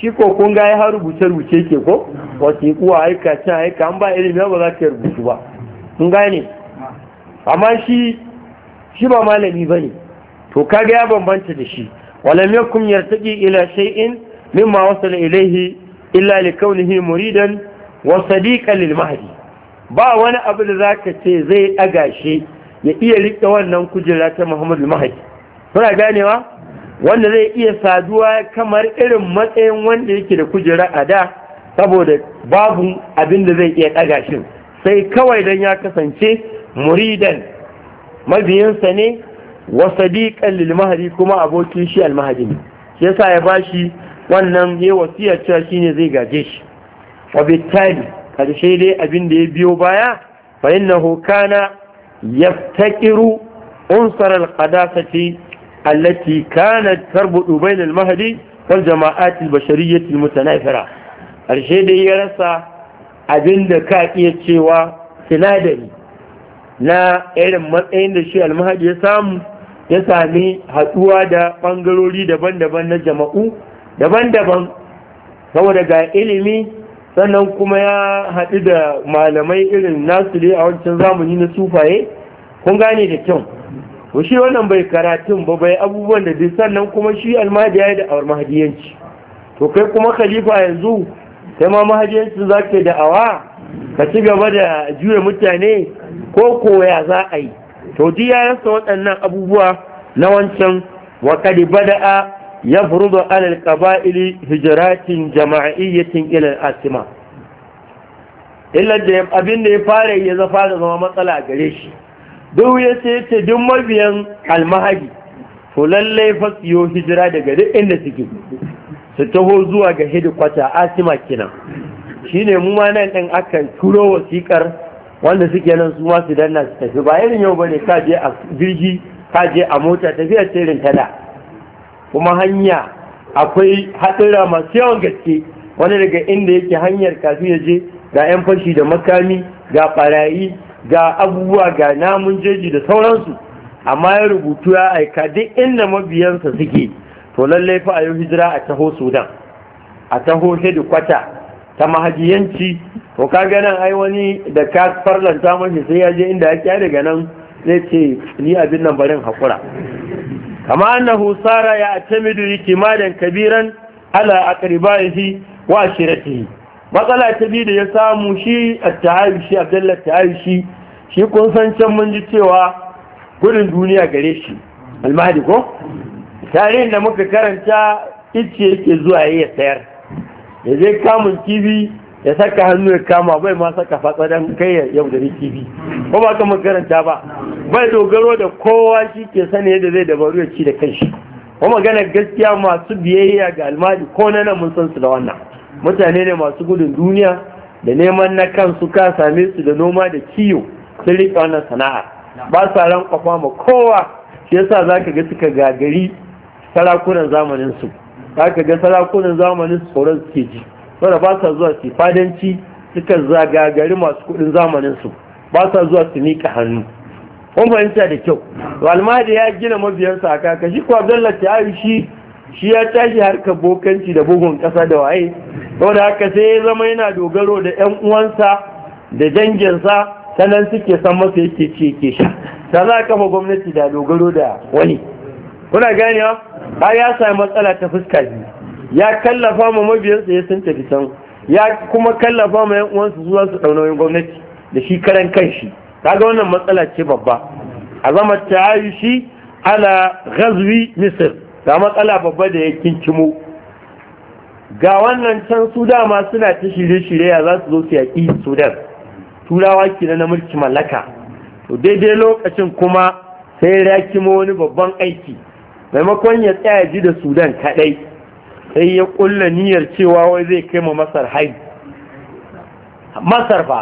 shi ko kun ga ya rubuce rubuce ke ko wasiƙu a aika cin aika an ba ilimi ba za ka rubutu ba kun ne. amma shi shi ba malami ba ne to ga ya bambanta da shi walam yakum yartaqi ila shay'in mimma wasala ilayhi illa likawnihi muridan wa sadiqan lil mahdi ba wani abu da zaka ce zai daga shi ya iya rike wannan kujera ta Muhammadu Mahdi kuna ganewa wanda zai iya saduwa kamar irin matsayin wanda yake da kujera a da saboda babu abin da zai iya ɗaga shi sai kawai don ya kasance muridan mabiyinsa ne wa sadiqan lil kuma abokin shi al mahdi ne shi yasa ya bashi wannan ya wasiya cewa shine zai gaje shi wa bitali karshe dai abin da ya biyo baya fa innahu kana yaftakiru unsar al qadasati التي كانت تربط بين المهدي والجماعات البشرية المتنافرة الشيء ده يرسى abin da ka iya cewa sinadari na irin matsayin da shi almahadi ya ya sami haɗuwa da ɓangarori daban-daban na jama'u daban-daban saboda ga ilimi sannan kuma ya haɗu da malamai irin nasu dai a wancan zamani na sufaye kun gane da kyau to shi wannan bai karatun ba bai abubuwan da duk sannan kuma shi almahdi ya yi da'awar mahadiyanci to kai kuma khalifa yanzu sai ma mahadiyanci za ka da'awa ka ci gaba da juya mutane ko koya za a yi to ji ya rasa waɗannan abubuwa na wancan wa kadi bada'a ya furuzo alal qaba'ili hijiratin jama'iyyatin ilal asima illa da abin da ya fara ya zafa da zama matsala gare shi duk ya ce ce duk mabiyan almahadi to lallai fa hijira daga duk inda suke su taho zuwa ga hidikwata asima kenan shine mu ma nan din akan turo wasikar wanda suke nan su ma su danna su tafi ba irin yau bane ka je a jirgi ka je a mota tafiya ce irin tada kuma hanya akwai haɗura masu yawan gaske wani daga inda yake hanyar kafin ya je ga 'yan fashi da makami ga ɓarayi ga abubuwa ga namun jeji da sauransu amma ya rubutu ya aika duk inda mabiyansa suke to lallai fa a yi hijira a taho sudan a taho kwata ta mahajiyanci to ka ganin ai wani da ka farlanta mashi sai ya je inda ya daga nan zai ce ni abin nan barin haƙura kama annahu sara ya atamidu kimanin kabiran ala aqribaihi wa ashiratihi matsala ta biyu da ya samu shi a tahawishi abdullahi at shi kun san can mun ji cewa gudun duniya gare shi almahadi ko tarihin da muka karanta ice yake zuwa yi ya sayar ya zai kamun kibi ya saka hannu ya kama bai ma saka fatsadan kai ya yau da kibi ko ba ka mun karanta ba bai dogaro da kowa shi ke sani yadda zai dabaru ya ci da kanshi ko magana gaskiya masu biyayya ga almadi ko na nan mun san su da wannan mutane ne masu gudun duniya da neman na kansu ka same su da noma da kiyo sun riƙe wannan sana'a ba sa ran kwafa ma kowa shi yasa za ka ga suka gagari sarakunan zamanin za ka ga sarakunan zamanin su tsoron suke ji saboda ba sa zuwa su fadanci suka zagagari masu kuɗin zamanin su ba sa zuwa su miƙa hannu kun fahimta da kyau almadi ya gina mabiyansa a kaka shi kuwa ta ayu shi shi ya tashi harkar bokanci da bugun ƙasa da waye saboda haka sai ya zama yana dogaro da 'yan uwansa da danginsa sanan suke san masa yake ce yake sha ta za a kama gwamnati da dogaro da wani kuna ganewa ba ya sami matsala ta fuska biyu ya kallafa ma mabiyansa ya sun tafi can ya kuma kallafa ma yan uwansu zuwa su wani gwamnati da shi karan kanshi kaga wannan matsala ce babba a zama shi ala ghazwi misir ga matsala babba da ya kinkimo ga wannan can su dama suna ta shirye-shirye ya za su zo su yaƙi sudan turawa ke na mulki mallaka to daidai lokacin kuma sai ya kima wani babban aiki maimakon ya tsaya ji da sudan kadai sai ya kulla niyyar cewa wai zai kai ma masar hai masar fa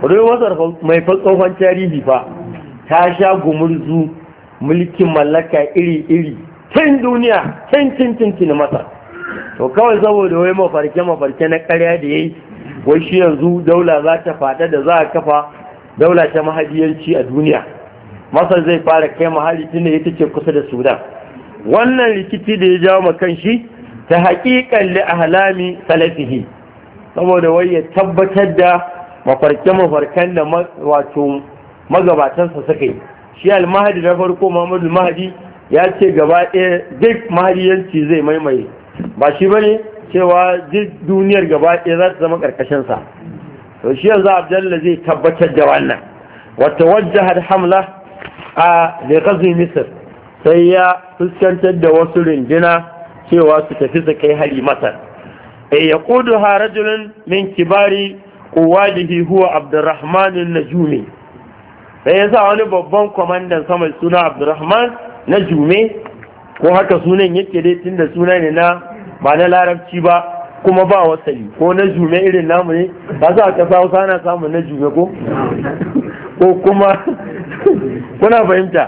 kudin masar mai tsohon tarihi fa ta sha gumurzu mulkin mallaka iri-iri tun duniya tun tun tun masar to kawai saboda wai mafarke mafarke na karya da ya wai shi yanzu daula za ta fada da za a kafa daula ta mahajiyanci a duniya masar zai fara kai mahali tunda ita ce kusa da sudan wannan rikici da ya jawo ma kan shi ta haƙiƙan li ahlami salafihi saboda wai ya tabbatar da mafarke mafarkan da wato magabatansa suka yi shi almahadi na farko muhammadu mahadi ya ce gaba ɗaya duk mahajiyanci zai maimaye ba shi bane cewa duk duniyar gaba ɗaya za ta zama ƙarƙashinsa to shi yanzu abdalla zai tabbatar da wannan wata wajahar hamla a lekazi misir sai ya fuskantar da wasu rindina cewa su tafi su kai hari masar e eh, ya kudu harajulun min kibari kuwajihi huwa na jume sai ya sa wani babban kwamandan sama suna abdurrahman jume ko haka sunan yake dai tun da suna ne na ba na larabci ba kuma ba wasali ko na jume irin namu ne ba za a kasa hausa na samun na jume ko ko kuma kuna fahimta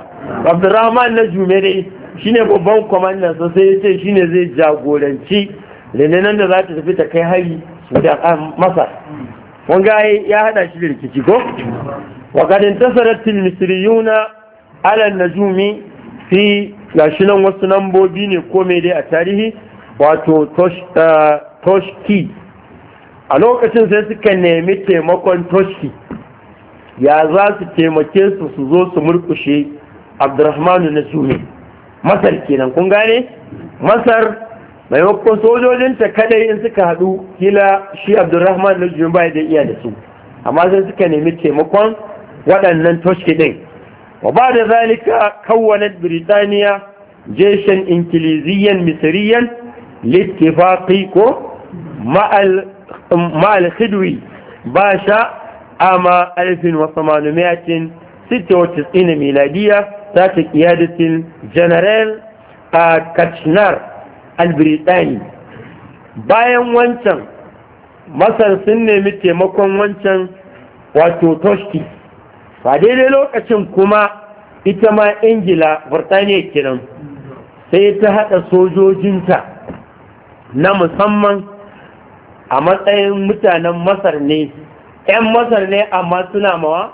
abdurrahman na jume dai shine babban kwamandan sa sai ya ce shine zai jagoranci renenan da za ta tafi ta kai hari da a masar wanga ya hada shi da rikici ko wa kadin tasaratil alal najumi fi gashi nan wasu nambobi ne ko mai dai a tarihi wato eh, toshki a lokacin sai suka nemi taimakon toshki ya za su taimake su su zo su murkushe abdurrahmanu na suhe masar kenan kun gane masar maimakon sojojinta kadai in suka hadu, kila shi abdurrahmanu na suhe bai da iya da su amma sai suka nemi taimakon waɗannan toshki ɗin wa ba da zalika kawwanar Biritaniya, jeshen inkiliziyan misiriyan littifaqi ko ma'al ma'al khidwi basha ama 1896 miladiya ta ta Janaral general kachnar al-britani bayan wancan masar sun nemi taimakon wancan wato toshki ba daidai lokacin kuma ita ma ingila burtaniya kenan sai ta haɗa sojojinta na musamman a matsayin mutanen masar ne 'yan masar ne amma suna mawa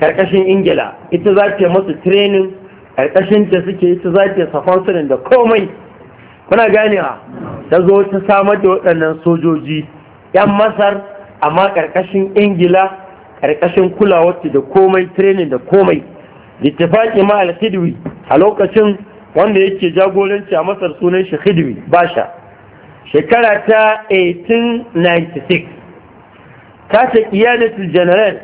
Ƙarƙashin ingila ita za ta masu training ƙarƙashin ta suke ita za ta safansunan da komai kuna ganewa ta zo ta samar da waɗannan sojoji 'yan masar amma ƙarƙashin ingila ƙarƙashin kulawarta da komai training da komai littafaƙi ma alkidwi a lokacin wanda yake jagoranci a masar sunan shi hidimi basha shekara ta 1896 ce iyalatul general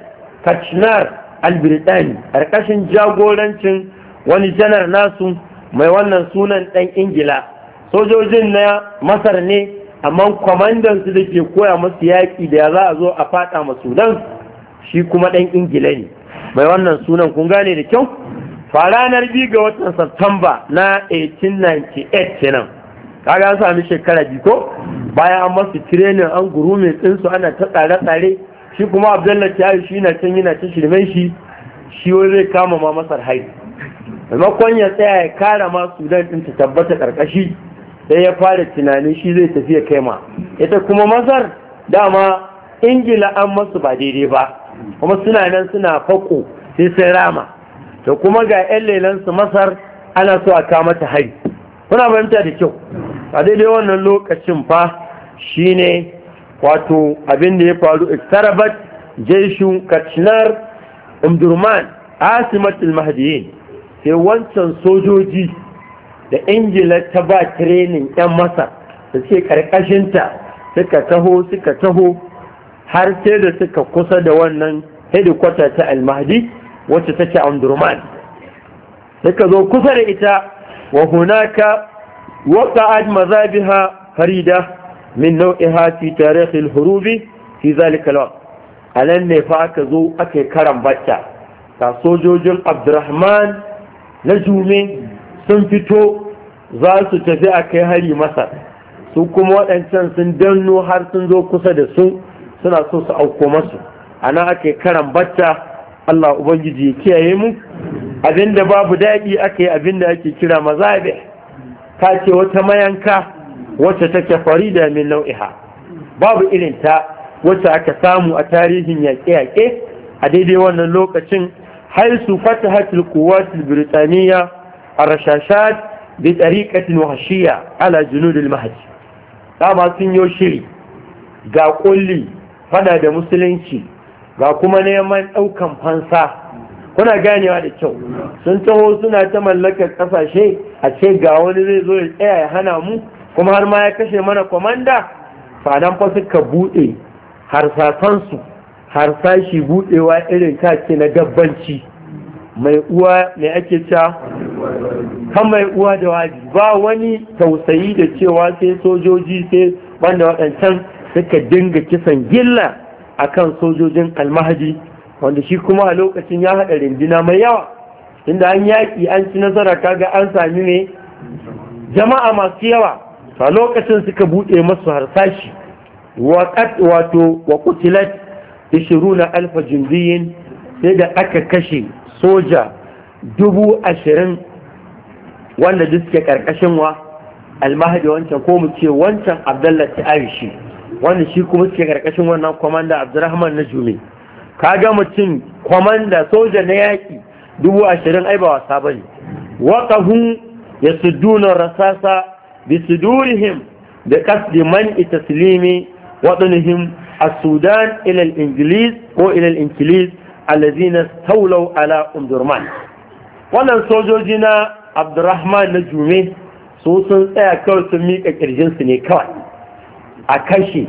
kachnar albirtani ƙarƙashin jagorancin wani janar nasu mai wannan sunan ɗan ingila sojojin na masar ne amma kwamandansu da ke koya masu yaƙi da ya za a zo a faɗa masu shi kuma ɗan ingila ne mai wannan sunan kun gane da kyau fa ranar biyu ga watan satamba na 1898 kenan kaga an sami shekara biyu ko bayan an masu tirenin an guru mai tsinsu ana ta tsare-tsare shi kuma abdullahi ta shi na can yana ta shirmen shi shi wani zai kama ma masar hai maimakon ya tsaya ya kara ma sudan din ta tabbata karkashi sai ya fara tunanin shi zai tafi ya kai ma ita kuma masar dama ingila an masu ba daidai ba kuma suna nan suna fako sai sai rama da kuma ga 'yan lelansu masar ana so a kama ta hari kuna fahimta da kyau a daidai wannan lokacin fa shine wato abin da ya faru iktarabat jeshu kacinar umdurman asimatul mahdiyin sai wancan sojoji da ingila ta ba tirenin 'yan masar da suke karkashinta suka taho suka taho har sai da suka kusa da wannan hedikwata ta almahdi wacce take sai suka zo kusa da ita wa hunaka waqa'at mazabiha farida min nau'iha fi tarikh hurubi hurub fi zalika al alan ne fa aka zo aka karan bacca ta sojojin Abdurrahman na Jume sun fito za su tafi a kai hari masa su kuma waɗancan sun danno har sun zo kusa da su suna so su auko masu ana ake karan bacca Allah ubangiji ya kiyaye mu abinda babu daɗi aka yi abinda ake kira mazabe ta ce wata mayanka wacce take farida min nau'iha babu irin ta wacce aka samu a tarihin yaƙe-yaƙe a daidai wannan lokacin har su fata hatil kuwatul birtaniya a rashashat bi tsariƙatin wahashiya ala junudul mahaji ba sun yo shiri ga ƙulli fada da musulunci ga kuma neman ɗaukan fansa kuna ganewa da kyau sun taho suna ta mallakar ƙasashe a ce ga wani zai zo ya tsaya ya hana mu kuma har ma ya kashe mana kwamanda fadan fa suka buɗe harsasansu harsashi buɗewa irin kake na gabbanci mai uwa mai ake ca kan mai uwa da waji ba wani tausayi da cewa sai sojoji sai banda waɗancan suka dinga kisan gilla akan sojojin almahadi wanda shi kuma a lokacin ya haɗa rindina mai yawa inda an yaƙi an ci nasara kaga an sami ne jama'a masu yawa a lokacin suka buɗe masu harsashi wato wa kutilat ishiruna alfa jindiyin sai da aka kashe soja dubu ashirin wanda duk suke ƙarƙashin wa almahadi wancan ko mu ce wancan abdallah ta wanda shi kuma suke karkashin wannan kwamanda abdurrahman na Ka ga mutum kwamanda soja na yaƙi dubu ashirin ai ba wasa bane su yasudduna rasasa bisudurihim da kasdi man ita silimi wadanihim a sudan ilal ingilis ko ilal al-ingilis allazina taulau ala umdurman wannan sojoji na abdurrahman na jume su sun tsaya kawai sun miƙa ƙirjinsu ne kawai a kashe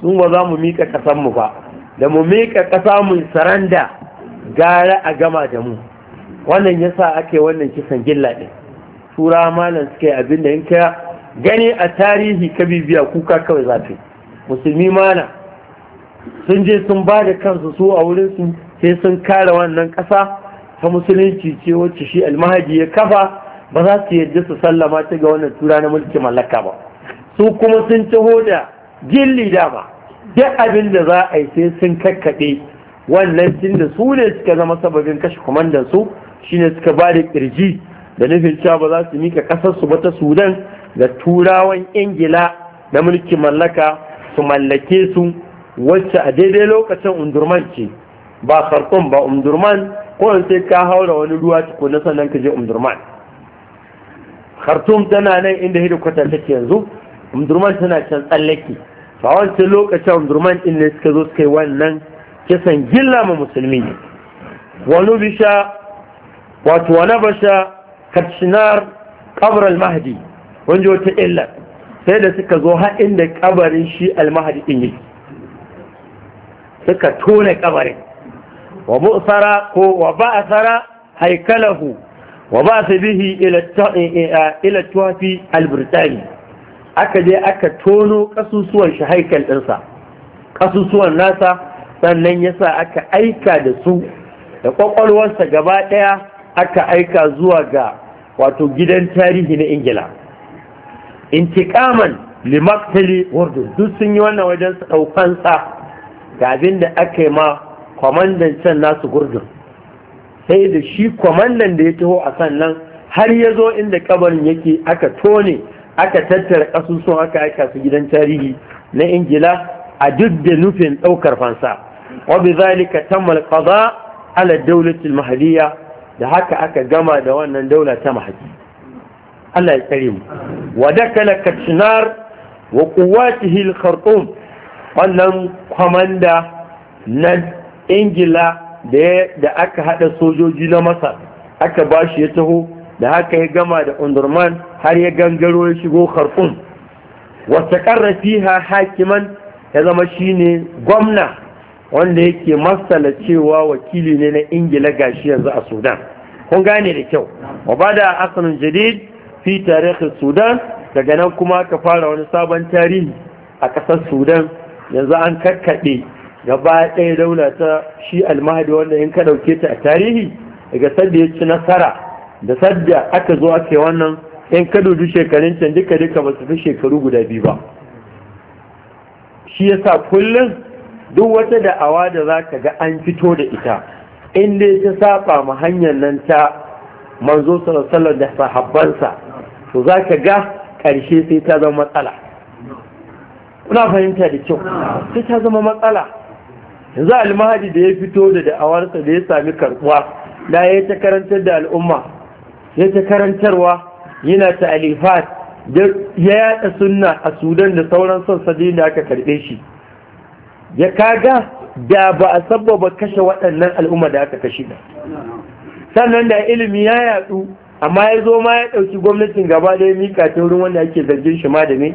sun ba za mu miƙa mu ba da mu miƙa ƙasa mu saranda gara a gama da mu wannan yasa ake wannan kisan gilla ɗin tura malam suka abin da yanka gani a tarihi ka bibiya kuka kawai zafi musulmi mana sun je sun ba da kansu su a wurin su sai sun kare wannan ƙasa ta musulunci ce wacce shi almahadi ya kafa ba za su yarda su sallama ta ga wannan tura na mulkin mallaka ba su kuma sun ci hoda. gilli dama duk abin da za a yi sai sun kakkaɓe wannan sun da su ne suka zama sababin kashe kwamandan su shine suka ba da kirji da nufin cewa ba za su mika ƙasarsu ba ta sudan da turawan ingila na mulkin mallaka su mallake su wacce a daidai lokacin undurman ce ba sarkon ba undurman ko sai ka haura wani ruwa tukuna sannan ka je umdurman khartoum tana nan inda hidikwata take yanzu umdurman suna can tsallake ba wancan lokacin umdurman din ne suka zo suka yi wannan kisan gilla ma musulmi wani bisha wato wani basha kacinar kabar al-mahdi wanda wata illa sai da suka zo haɗin da kabarin shi al-mahdi din yi, suka tone kabarin wa mu'sara ko wa ba a tsara, haikalahu wa ba ba'sa bihi ila ila tuwafi albirtani. aka je aka tono kasusuwan shi haikal ɗinsa kasusuwan nasa sannan ya sa aka aika da su da ƙwaƙwalwarsa gaba ɗaya aka aika zuwa ga wato gidan tarihi na ingila intikaman limaktali wardun duk sun yi wannan wajen ɗaukansa ga abin da aka yi ma kwamandan can nasu gurdun sai da shi kwamandan da ya taho a sannan har ya zo inda kabarin yake aka tone aka tattara ƙasusuwan aka aika su gidan tarihi na ingila a duk da nufin ɗaukar fansa wa bi zalika tammal qada ala dawlatil mahaliya da haka aka gama da wannan daula ta mahdi Allah ya tsare mu wa dakala kashnar wa quwwatihi al khartum wannan kwamanda na ingila da aka hada sojoji na masar aka bashi ya taho da haka ya gama da undurman har ya gangaro ya shigo khartoum wata fiha hakiman ya zama shine gwamna wanda yake masala cewa wakili ne na ingila gashi yanzu a sudan kun gane da kyau wa ba da asalin jadid fi tarihin sudan daga nan kuma ka fara wani sabon tarihi a ƙasar sudan yanzu an karkaɗe gaba ɗaya daula ta shi almahadi wanda in ka ɗauke ta a tarihi daga sadda ya ci nasara da sadda aka zo ake wannan in ka dubi shekarun can duka duka ba su fi shekaru guda biyu ba shi yasa kullum duk wata da'awa da za ka ga an fito da ita in dai ta saba ma hanyar nan ta manzo sallallahu da sahabbansa to za ka ga karshe sai ta zama matsala kuna fahimta da kyau sai ta zama matsala yanzu almahadi da ya fito da da'awarsa da ya sami karbuwa da ya ta karantar da al'umma ya ta karantarwa yana ta'alifat ya yada sunna a sudan da sauran son sadi da aka karbe shi ya kaga da ba a sababa kashe waɗannan al'umma da aka kashe da sannan da ilimi ya yadu amma ya zo ma ya ɗauki gwamnatin gaba da ya mika ta wurin wanda ake zargin shi ma da ne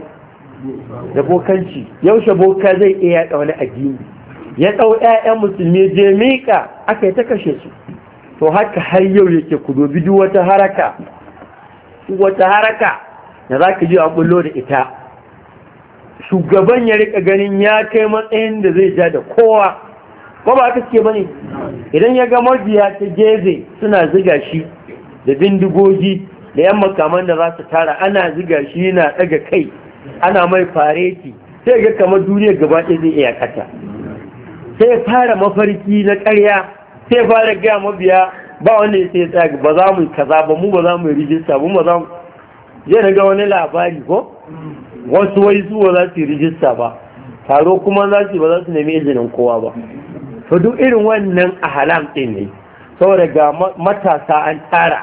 da bokanci yaushe boka zai iya yaɗa wani addini ya ɗau 'ya'yan musulmi je mika aka yi ta kashe su to haka har yau yake ku dobi duk wata haraka wata haraka da za ka ji a ɓullo da ita shugaban ya rika ganin ya kai matsayin da zai ja da kowa ba ba ta ce ba ne idan ya ga majiya ta geze suna ziga shi da bindigogi da yan makaman da za su tara ana ziga shi na daga kai ana mai fareti sai ga kamar duniya gaba ɗaya zai iya kata sai fara mafarki na ƙarya sai fara gaya mabiya ba wanda ya sai tsaya ba za mu kaza ba mu ba za mu rijista mu ba za mu na ga wani labari ko wasu wai su ba za su rijista ba taro kuma za su ba za su nemi izinin kowa ba to duk irin wannan a halam ɗin ne saboda ga matasa an tara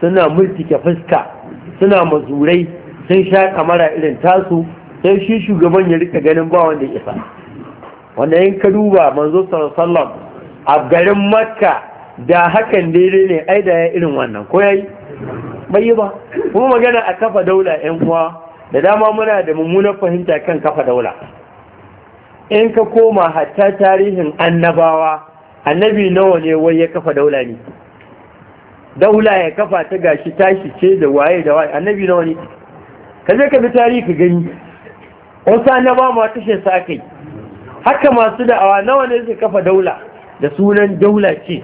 suna murtike fuska suna mazurai sun sha kamara irin tasu sai shi shugaban ya rika ganin ba wanda ya isa wanda in ka duba manzo sallallahu a garin makka da hakan daidai ne ai da ya irin wannan ko yayi bai ba kuma magana a kafa daula yan uwa da dama muna da mummunar fahimta kan kafa daula in ka koma hatta tarihin annabawa annabi nawa ne wai ya kafa daula ne daula ya kafa ta gashi tashi ce da waye da waye annabi nawa ne ka je ka bi tarihi ka gani wasu annabawa ma tashar sa kai haka masu da'awa nawa ne suka kafa daula da sunan daula ce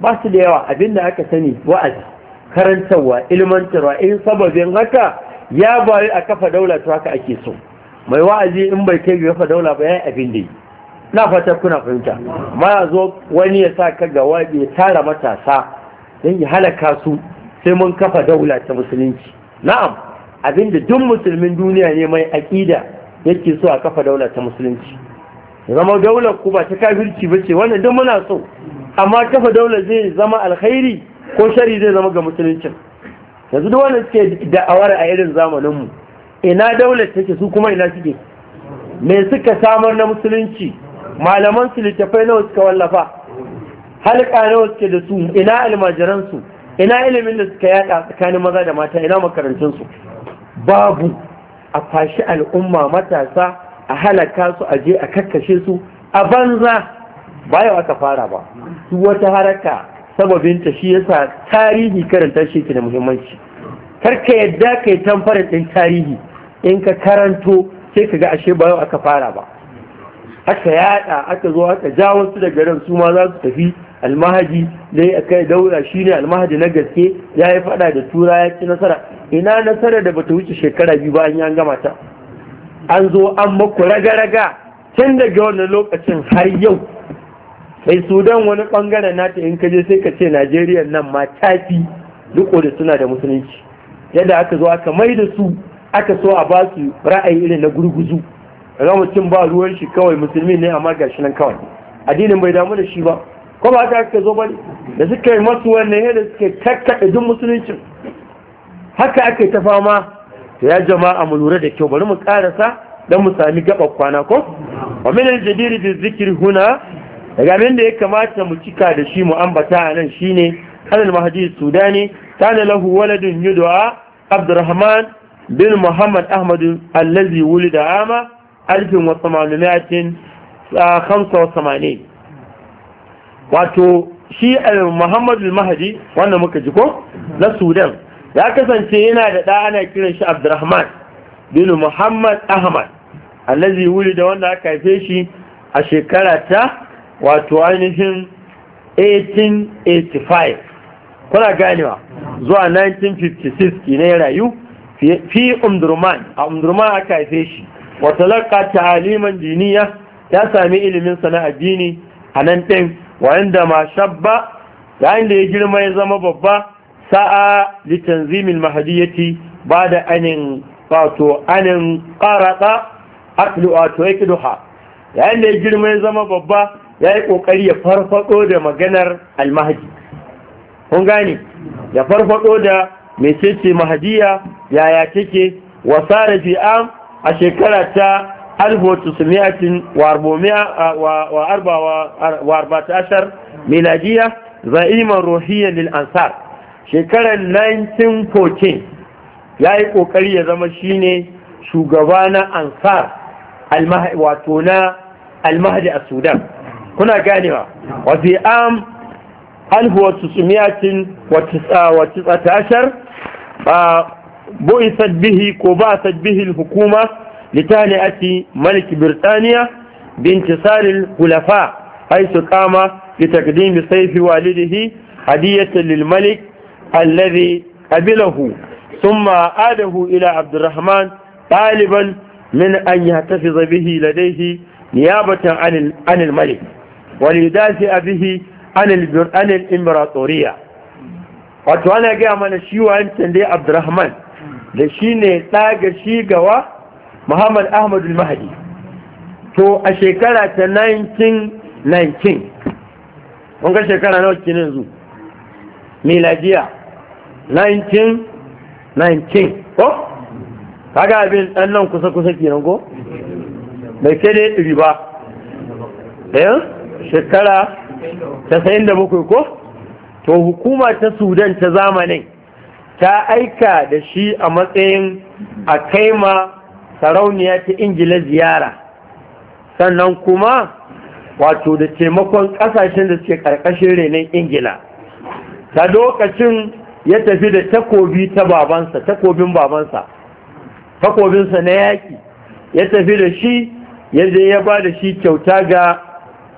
ba su da yawa abin da aka sani wa'azi karantarwa ilmantarwa in sababin haka ya bayu a kafa daula ta haka ake so mai wa'azi in bai kai kafa daula ba yayi abin da yi na fata kuna fahimta ma zo wani ya sa ka ga wabi ya tara matasa don ya halaka su sai mun kafa daula ta musulunci na'am abinda duk musulmin duniya ne mai aƙida yake so a kafa daula ta musulunci zama daular ku ba ta kafirci ba ce wannan duk muna so amma kafa daular zai zama alkhairi ko shari zai zama ga musuluncin yanzu duk wannan suke da'awar a irin zamaninmu ina daular take su kuma ina suke me suka samar na musulunci malaman su littafai nawa suka wallafa halka nawa suke da su ina almajiransu? ina ilimin da suka yada tsakanin maza da mata ina makarantunsu? babu a fashi al'umma matasa a halaka su a je a kakkashe su a banza yau aka fara ba su wata haraka sababinta shi yasa tarihi karanta shi ke da muhimmanci karka yadda ka yi tamfarin ɗin tarihi in ka karanto sai ka ga ashe yau aka fara ba aka yada aka zo aka jawo wasu daga garin su ma za su tafi almahadi dai aka daura shi ne almahadi na gaske ya yi fada da tura ya ci nasara ina nasara da bata wuce shekara biyu bayan ya gama ta an zo an maku raga-raga tun daga wani lokacin har yau mai sudan wani bangaren nata in ka je sai ka ce najeriya nan ma fi riko da suna da musulunci yadda aka zo aka mai da su aka so a ba su ra'ayi irin na gurguzu ga mutum ba ruwan shi kawai musulmi ne amma ga shi nan kawai addinin bai damu da shi ba ko ba haka aka zo ba da suka yi masu wannan yadda suka kakkaɗe duk musuluncin haka aka yi ta fama to ya jama'a mu lura da kyau bari mu karasa dan mu sami gaba kwana ko wa min al bi dhikri huna daga min da ya kamata mu cika da shi mu ambata a nan shine kanan mahadi sudani kana lahu waladun Yudwa abdurrahman bin muhammad ahmad allazi wulida ama alfin wa samanumiyatin khamsa wa samani wato shi al-muhammad al-mahdi wannan muka ji ko na sudan ya kasance yana da ɗa ana kiran shi abdurrahman bin muhammad ahmad allazi wuri da wanda aka haife shi a shekara ta wato ainihin 1885 kuna ganewa zuwa 1956 ne rayu fi umdurman a umdurman aka haife shi wata laƙa ta'aliman diniya ya sami ilimin sana'a addini a nan ɗin wayan ma shabba yayin da ya girma ya zama babba sa'a litanzimin mahadiyyati ba da anin wato anin ƙaraɗa aklu wato ya kiduha yayin da ya girma ya zama babba ya yi ƙoƙari ya farfaɗo da maganar almahadi kun gane ya farfaɗo da mecece mahadiyya yaya take wasara fi'am a shekara ta alfotu sumiyatin wa arba'ashar miladiya za'iman ruhiyar lil ansar shekarar 1914 ya yi ƙoƙari ya zama shine shugaba na ansar wato na almahadi a sudan kuna ganewa wasu am alfu wasu wacce tsatashar ba bihi ko ba bihi hukuma litani'ati malik birtaniya bintisarin hulafa haisu kama bi takdimi saifi walidihi hadiyatan lilmalik allazi qabilahu thumma adahu ila abdurrahman ɗaliban min an yahtafiza bihi ladayhi niyabatan anil anil malik walidasi bihi anil wato ana gaya mana shi wancan dai abdurrahman da shi ne tsaga shi gawa muhammad ahmadul mahdi to a shekara ta 1919 kun ga shekara nawa kenan yanzu miladiya 1919 ko kaga abin ɗan nan kusa-kusa kenan ko bai ke eh? da ɗiri ba ɗayan shekara 97 ko to hukuma ta sudan ta zamanin ta aika da shi a matsayin a kaima sarauniya ta ingila ziyara sannan kuma wato da taimakon kasashen da suke karkashin renin ingila ta lokacin ya tafi da takobi ta babansa takobin babansa takobinsa na yaƙi ya tafi da shi ya je ya ba da shi kyauta ga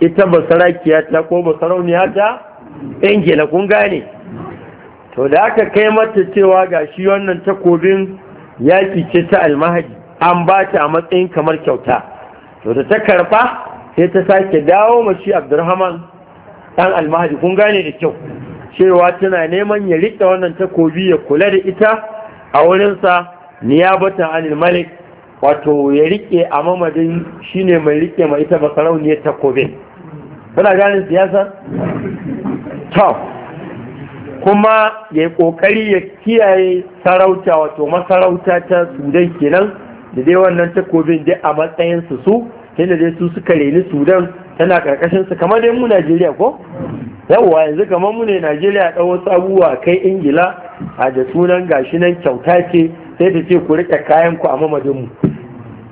ita basarakiya ta ko basarauniya ta ingila kun gane to da aka kai mata cewa ga shi wannan takobin yaƙi ce ta almahadi an ba ta a matsayin kamar kyauta to da ta karfa sai ta sake dawo mashi abdurrahman ɗan almahadi kun gane da kyau cewa tana neman ya riƙe wannan takobi ya kula da ita a wurinsa niyabatan anil malik wato ya riƙe a mamadin shine mai riƙe mai ita ba sarauniya takobi kuna ganin siyasa? to kuma ya yi ƙoƙari ya kiyaye sarauta wato masarauta ta sudan kenan da dai wannan takobin dai a matsayinsu su yadda dai su suka reni sudan tana karkashin su kamar dai mu Najeriya ko yawwa yanzu kamar mu ne Najeriya da wasu abubuwa kai Ingila a da sunan gashi nan kyauta ce sai ta ce ku rike kayan ku a mamadin mu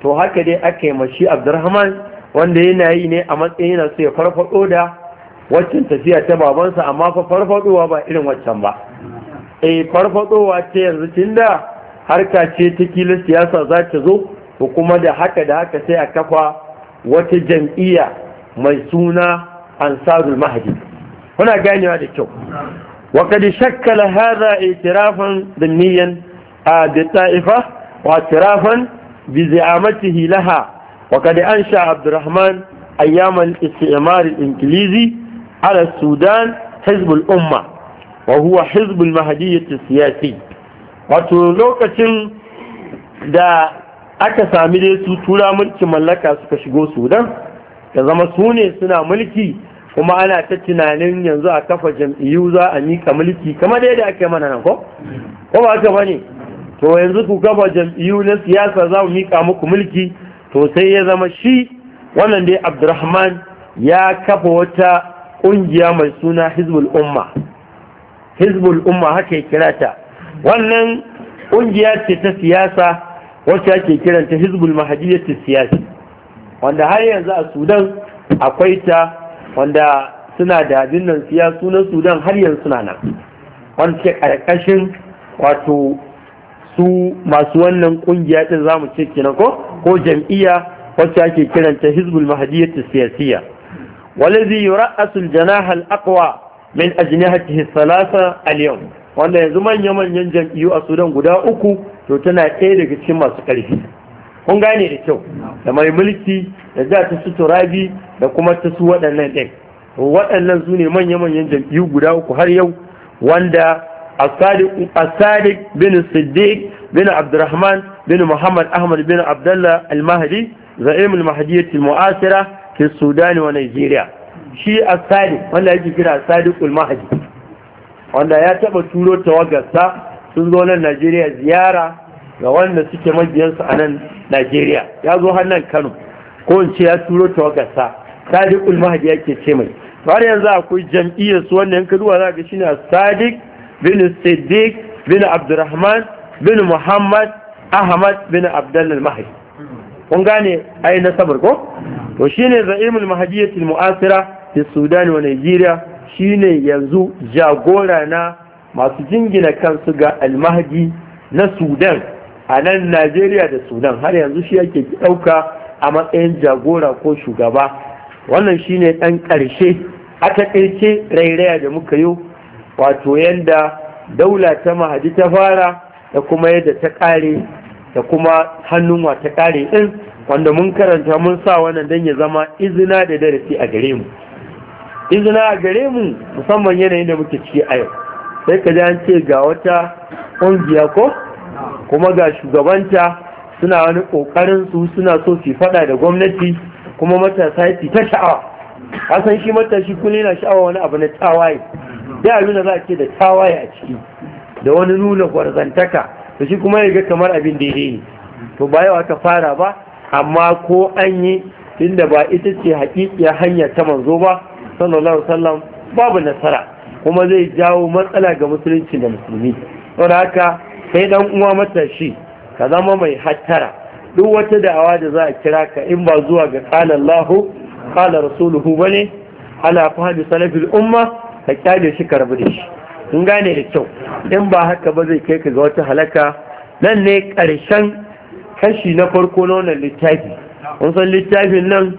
to haka dai aka yi mashi Abdurrahman wanda yana yi ne a matsayin yana so ya farfado da waccan tafiya ta babansa amma fa farfadowa ba irin waccan ba eh farfadowa ce yanzu tunda harka ce ta kila siyasa za ta zo ko kuma da haka da haka sai a kafa wata jam'iyya mai suna ansarul mahadi, kuna ganewa da kyau wa kad shakkala hadha i'tirafan a bi ta'ifa wa i'tirafan bi zi'amatihi laha wa an ansha abdurrahman ayyam al-istimar al ala sudan hizb umma wa huwa mahadi al-mahdiyyah siyasi wato lokacin da aka sami dai su tura mulkin mallaka suka shigo sudan ya zama sune suna mulki kuma ana ta tunanin yanzu a kafa jam'iyyu za a mika mulki kamar da yadda ake mana nan ko ko ba haka bane to yanzu ku kafa jam'iyyu na siyasa za mu mika muku mulki to sai ya zama shi wannan dai Abdurrahman ya kafa wata kungiya mai suna Hizbul Umma Hizbul Umma haka ya kira ta wannan kungiya ce ta siyasa wacce ake kiranta Hizbul Mahdiyyah Siyasi wanda har yanzu a sudan akwai ta wanda suna da abin nan siya sunan sudan har yanzu suna nan wanda ke karkashin wato su masu wannan kungiya din zamu ce kenan ko ko jam'iyya wacce ake kiranta hizbul mahdiyyah siyasiyya walazi yura'asu al-janah al-aqwa min ajnihatihi thalatha al-yawm wanda yanzu manya-manyan jam'iyyu a sudan guda uku to tana ɗaya daga cikin masu ƙarfi kun gane da kyau da mai mulki da za ta su turabi da kuma ta su waɗannan ɗin waɗannan su ne manya-manyan jam'iyyu guda uku har yau wanda asadik bin siddiq bin abdurrahman bin muhammad ahmad bin abdullah al-mahdi za'im al-mahdiyyat al-mu'asira fi sudan wa nigeria shi asadik wanda yake kira asadik al-mahdi wanda ya taba turo tawagarsa sun zo nan najeriya ziyara ga wanda suke mabiyansu a nan Najeriya ya zo hannun Kano ko in ce ya turo tawagarsa Sadiq Ulmahdi yake ce mai har yanzu akwai jam'iyyar su wanda yanka duwa za ka na Sadiq bin Siddiq bin Abdurrahman bin Muhammad Ahmad bin Abdullah Mahdi kun gane ai sabar ko to shine za'imul mahdiyatul mu'asira fi Sudan wa najeriya shine yanzu jagora na masu jingina kansu ga al-mahdi na Sudan a nan najeriya da sudan har yanzu shi yake ɗauka a matsayin jagora ko shugaba wannan shine ɗan ƙarshe a taƙaice rairaya da muka yi wato yadda daula ta mahadi ta fara da kuma yadda ta ƙare da kuma hannun wata ta ƙare ɗin wanda mun karanta mun sa wannan don ya zama izina da darasi a gare mu izina a gare mu musamman yanayin da muke ciki a yau sai ka ji an ce ga wata ƙungiya ko kuma ga shugabanta suna wani kokarin su suna so su fada da gwamnati kuma matasa ya fita sha'awa hasan shi matashi kullum yana sha'awa wani abu na tawaye da a nuna za a ce da tawaye a ciki da wani nuna gwarzantaka to shi kuma ya ga kamar abin daidai ne to ba yawa ta fara ba amma ko an yi inda ba ita ce hakikiyar hanya ta manzo ba sallallahu alaihi babu nasara kuma zai jawo matsala ga musulunci da musulmi don haka sai dan uwa matashi ka zama mai hattara duk wata da'awa da za a kira ka in ba zuwa ga qala Allahu qala rasuluhu bane ala fahmi salafil umma ka kyale shi karbi da shi kun gane da kyau in ba haka ba zai kai ka ga wata halaka nan ne karshen kashi na farko na wannan littafi kun san littafin nan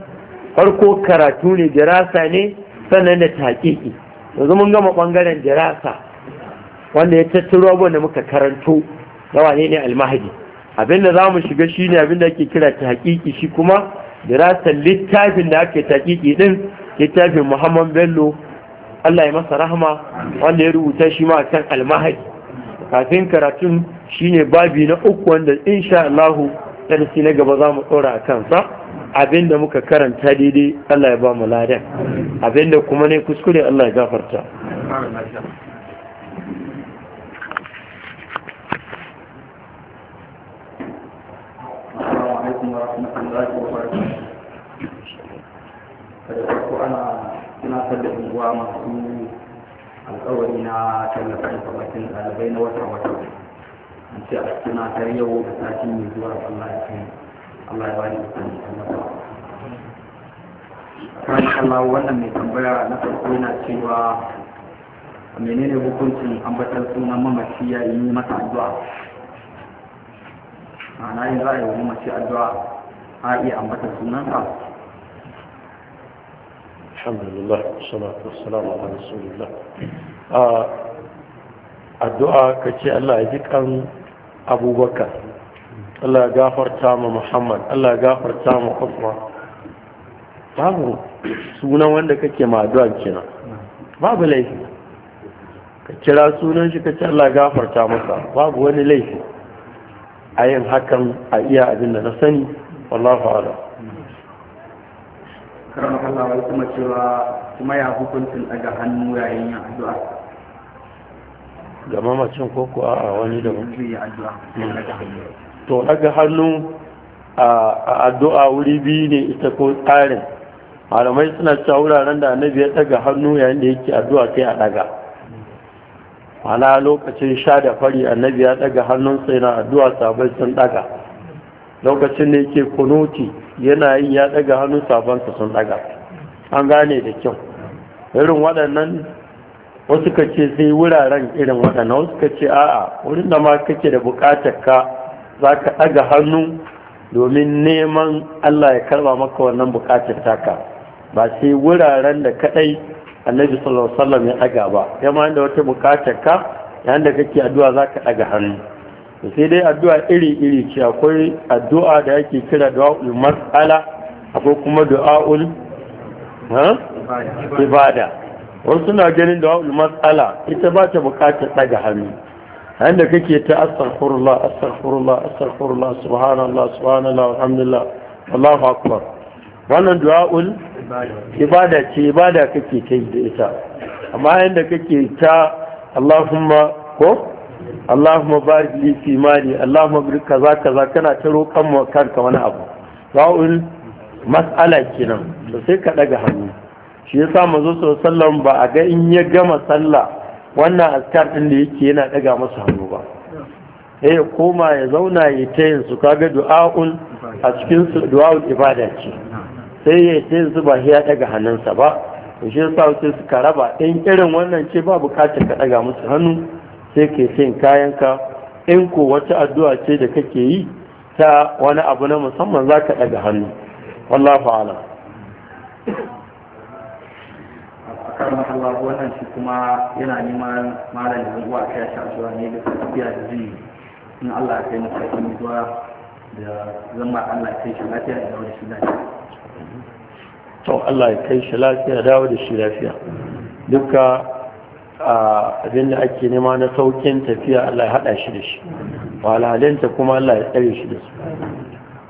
farko karatu ne dirasa ne sannan da taƙiƙi yanzu mun gama ɓangaren darasa. wanda ya tattaro abubuwan da muka karanto na wane ne almahadi abinda za mu shiga shi ne abinda ake kira ta hakiki shi kuma dirasar littafin da ake ta hakiki din littafin muhammad bello allah ya masa rahama wanda ya rubuta shi ma a kan almahadi kafin karatun shi ne babi na uku wanda insha allahu darasi na gaba za mu tsora a kansa abinda muka karanta daidai Allah ya ba mu ladan abinda kuma ne kuskure Allah ya gafarta uwa masu alkawari na tallafa informatin ɗalibai na wata wata an ce a cikin ta yau da sati mai zuwa Allah ya kai Allah ya bani da sani a mata kan Allah wannan mai tambaya na farko yana cewa menene hukuncin ambatar sunan mamaci ya yi mata addu'a ma'ana yin za a yi wa mamaci addu'a a iya ambatar sunansa alhamdulillah wassalatu wassalamu ala rasulillah addu'a kace Allah ya ji kan Abubakar Allah ya gafarta ma Muhammad Allah ya gafarta ma Uthman babu sunan wanda kake ma addu'a kina babu laifi ka kira sunan shi kace Allah ya gafarta masa babu wani laifi a yin hakan a iya abin da na sani wallahu a'lam karamar Allah wai kuma cewa kuma ya hukuncin daga hannu yayin yin addu'a ga mamacin ko ko a wani da hmm. to daga hannu a addu'a wuri biyu ne ita ko tsarin malamai suna cewa wuraren da annabi ya daga hannu yayin da yake addu'a sai a daga ana lokacin sha da fari annabi ya daga hannunsa yana addu'a sabai sun daga lokacin da yake kunuti yana yi ya daga hannun sabansa sun daga an gane da kyau irin waɗannan wasu ka ce sai wuraren irin waɗannan wasu ka ce a'a wurin da ma kake da buƙatar ka za ka daga hannu domin neman Allah ya karba maka wannan buƙatar taka ba sai wuraren da kaɗai annabi sallallahu alaihi wasallam ya daga ba yamma da wata buƙatar ka yayin da kake addu'a za ka daga hannu sai dai addu'a iri-iri ce akwai addu'a da ake kira wa'ul matsala, akwai kuma du'a'ul ibada wasu suna ganin wa'ul matsala ita ba ta bukatar daga hannu da kake ta astaghfirullah astaghfirullah astaghfirullah subhanallah subhanallah alhamdulillah wallahu akbar wannan du'a'ul ibada ce ibada kake ta yi da ita amma yanda kake ta Allahumma ko Allahumma barik li fi mali Allahumma barik kaza kaza kana ta mu kanka wani abu ra'ul mas'ala kenan to sai ka daga hannu shi yasa manzo sallallahu ba a ga in ya gama sallah wannan askar din da yake yana daga masa hannu ba eh koma ya zauna ya ta yin su kaga du'a'ul a cikin su du'a'ul ibada ce sai ya ta su ba ya daga hannunsa ba to shi yasa sai suka raba in irin wannan ce ba bukatar ka daga musu hannu sai ke sayin kayanka in ko wata addu'a ce da kake yi ta wani abu na musamman za ka ɗaga hannu wallahu ala Allah wannan shi kuma yana neman malam da zuwa kai shi a ne da tafiya da ji in Allah ya kai masa kin zuwa da zama Allah ya kai shi lafiya da dawo da shi lafiya to Allah ya kai shi lafiya dawo da shi lafiya duka abin da ake nema na saukin tafiya Allah ya haɗa shi da shi halalinta kuma Allah ya tsare shi da su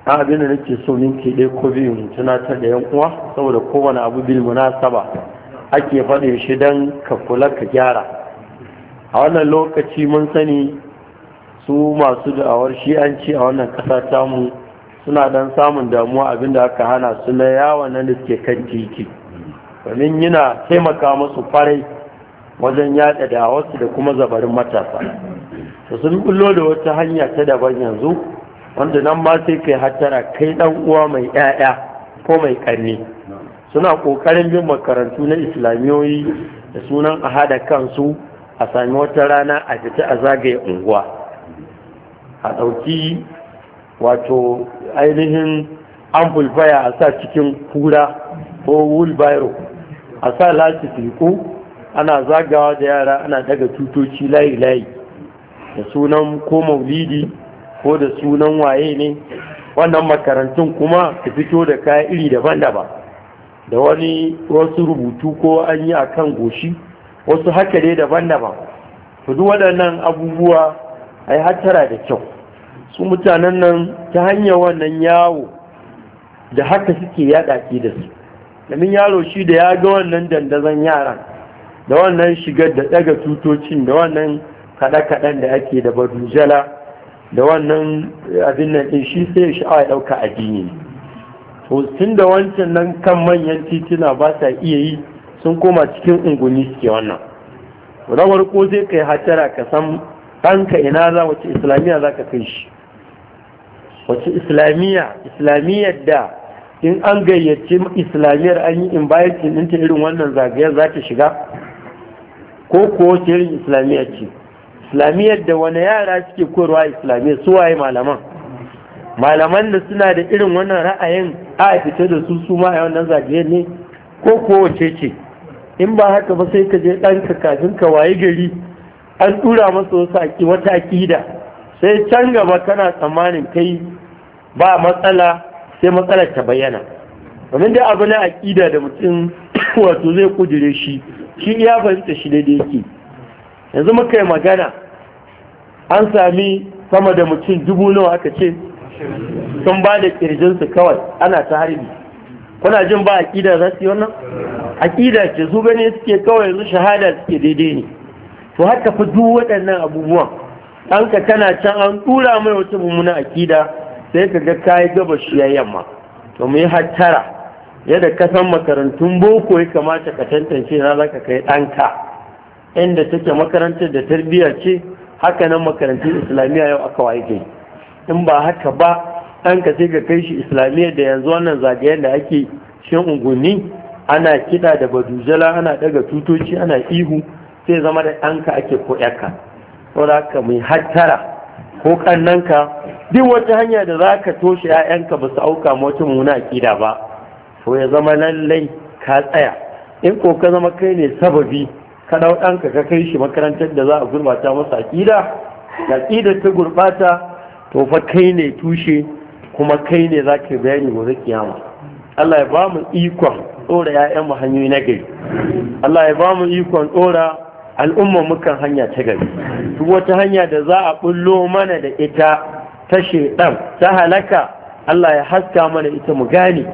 a abin da nake so ninki ɗaya ko biyu tunatar da yan uwa saboda kowane abu bil munasaba ake faɗin shi don ka kula ka gyara a wannan lokaci mun sani su masu da'awar shi'anci a wannan ƙasa ta suna dan samun damuwa abinda aka hana su na yawon nan da suke kan titi domin yana taimaka musu farai wajen yaɗa da wasu da kuma zabarin matasa to sun bullo da wata hanya ta daban yanzu wanda nan ma sai kai hattara kai dan uwa mai 'ya'ya ko mai ƙarni suna ƙoƙarin bin makarantu na islamiyoyi da sunan a hada kansu a sami wata rana a fita a zagaye unguwa a ɗauki wato ainihin amfulfaya a sa cikin kura ko wulbairo a sa lati fiku ana zagawa da yara ana daga tutoci layi-layi da sunan ko maulidi ko da sunan waye ne wannan makarantun kuma ta fito da kaya iri daban-daban da wani wasu rubutu ko an yi a kan goshi wasu haka dai daban-daban duk waɗannan abubuwa a yi hattara da kyau su mutanen nan ta hanyar wannan yawo da haka suke yaɗa ke da su domin yaro shi da ya ga wannan dandazon yaran da wannan shigar da daga tutocin da wannan kaɗe-kaɗen da ake da barujala da wannan abin nan ɗin shi sai sha'awa ya ɗauka addini to tun da wancan nan kan manyan tituna ba sa iya yi sun koma cikin unguni suke wannan rawar ko zai kai hatara ka san ɗanka ina za wace islamiyya za ka kai shi wace islamiyya islamiyyar da in an gayyace islamiyyar an yi inviting dinta irin wannan zagayar za ta shiga ko kuwa shirin islamiyya ce islamiyyar da wani yara suke koyarwa islamiyya su waye malaman malaman da suna da irin wannan ra'ayin a fita da su su ma a wannan zagaye ne ko wace ce in ba haka ba sai ka je ɗanka kafin ka waye gari an ɗura masa wasu wata akida sai can gaba kana tsammanin kai ba matsala sai matsalar ta bayyana domin dai abu na akida da mutum wato zai kudure shi shi ya fahimta shi daidai yake yanzu muka yi magana an sami sama da mutum dubu nawa aka ce sun ba da kirjinsu kawai ana ta harbi kuna jin ba aƙida za su yi wannan aƙida ce su gani suke kawai yanzu shahada suke daidai ne to haka fi duk waɗannan abubuwan an ka kana can an tura mai wata mummuna akida sai ka ga kayi gabas ya yamma to mu yi hattara yadda ka san makarantun boko ya kamata ka tantance na za ka kai ɗanka inda take makarantar da tarbiyyar ce haka nan makarantun islamiyya yau aka waye kai in ba haka ba ɗanka sai ka kai shi islamiyya da yanzu wannan zagayen da ake shin unguni ana kiɗa da badujala ana ɗaga tutoci ana ihu sai zama da ɗanka ake Ko saboda ka mai hattara ko ƙannanka duk wata hanya da za ka toshe 'ya'yanka ba su auka wata muna kida ba to ya zama lallai ka tsaya in ko ka zama kai ne sababi ka dau ɗanka ka kai shi makarantar da za a gurbata masa aƙida aƙida ta gurbata to fa kai ne tushe kuma kai ne za ka bayani gobe kiyama Allah ya ba mu ikon tsora ‘ya'yan mu hanyoyi na gari Allah ya ba mu ikon tsora al'umma mukan hanya ta gari duk wata hanya da za a bullo mana da ita ta shedan ta halaka Allah ya haska mana ita mu gane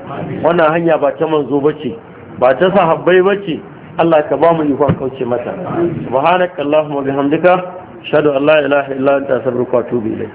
wannan hanya ba ta manzo bace ba ta sahabbai bace Allah ka ba mu ikon kauce mata subhanaka allahumma bihamdika ashhadu an la ilaha illa anta astaghfiruka wa atubu ilayk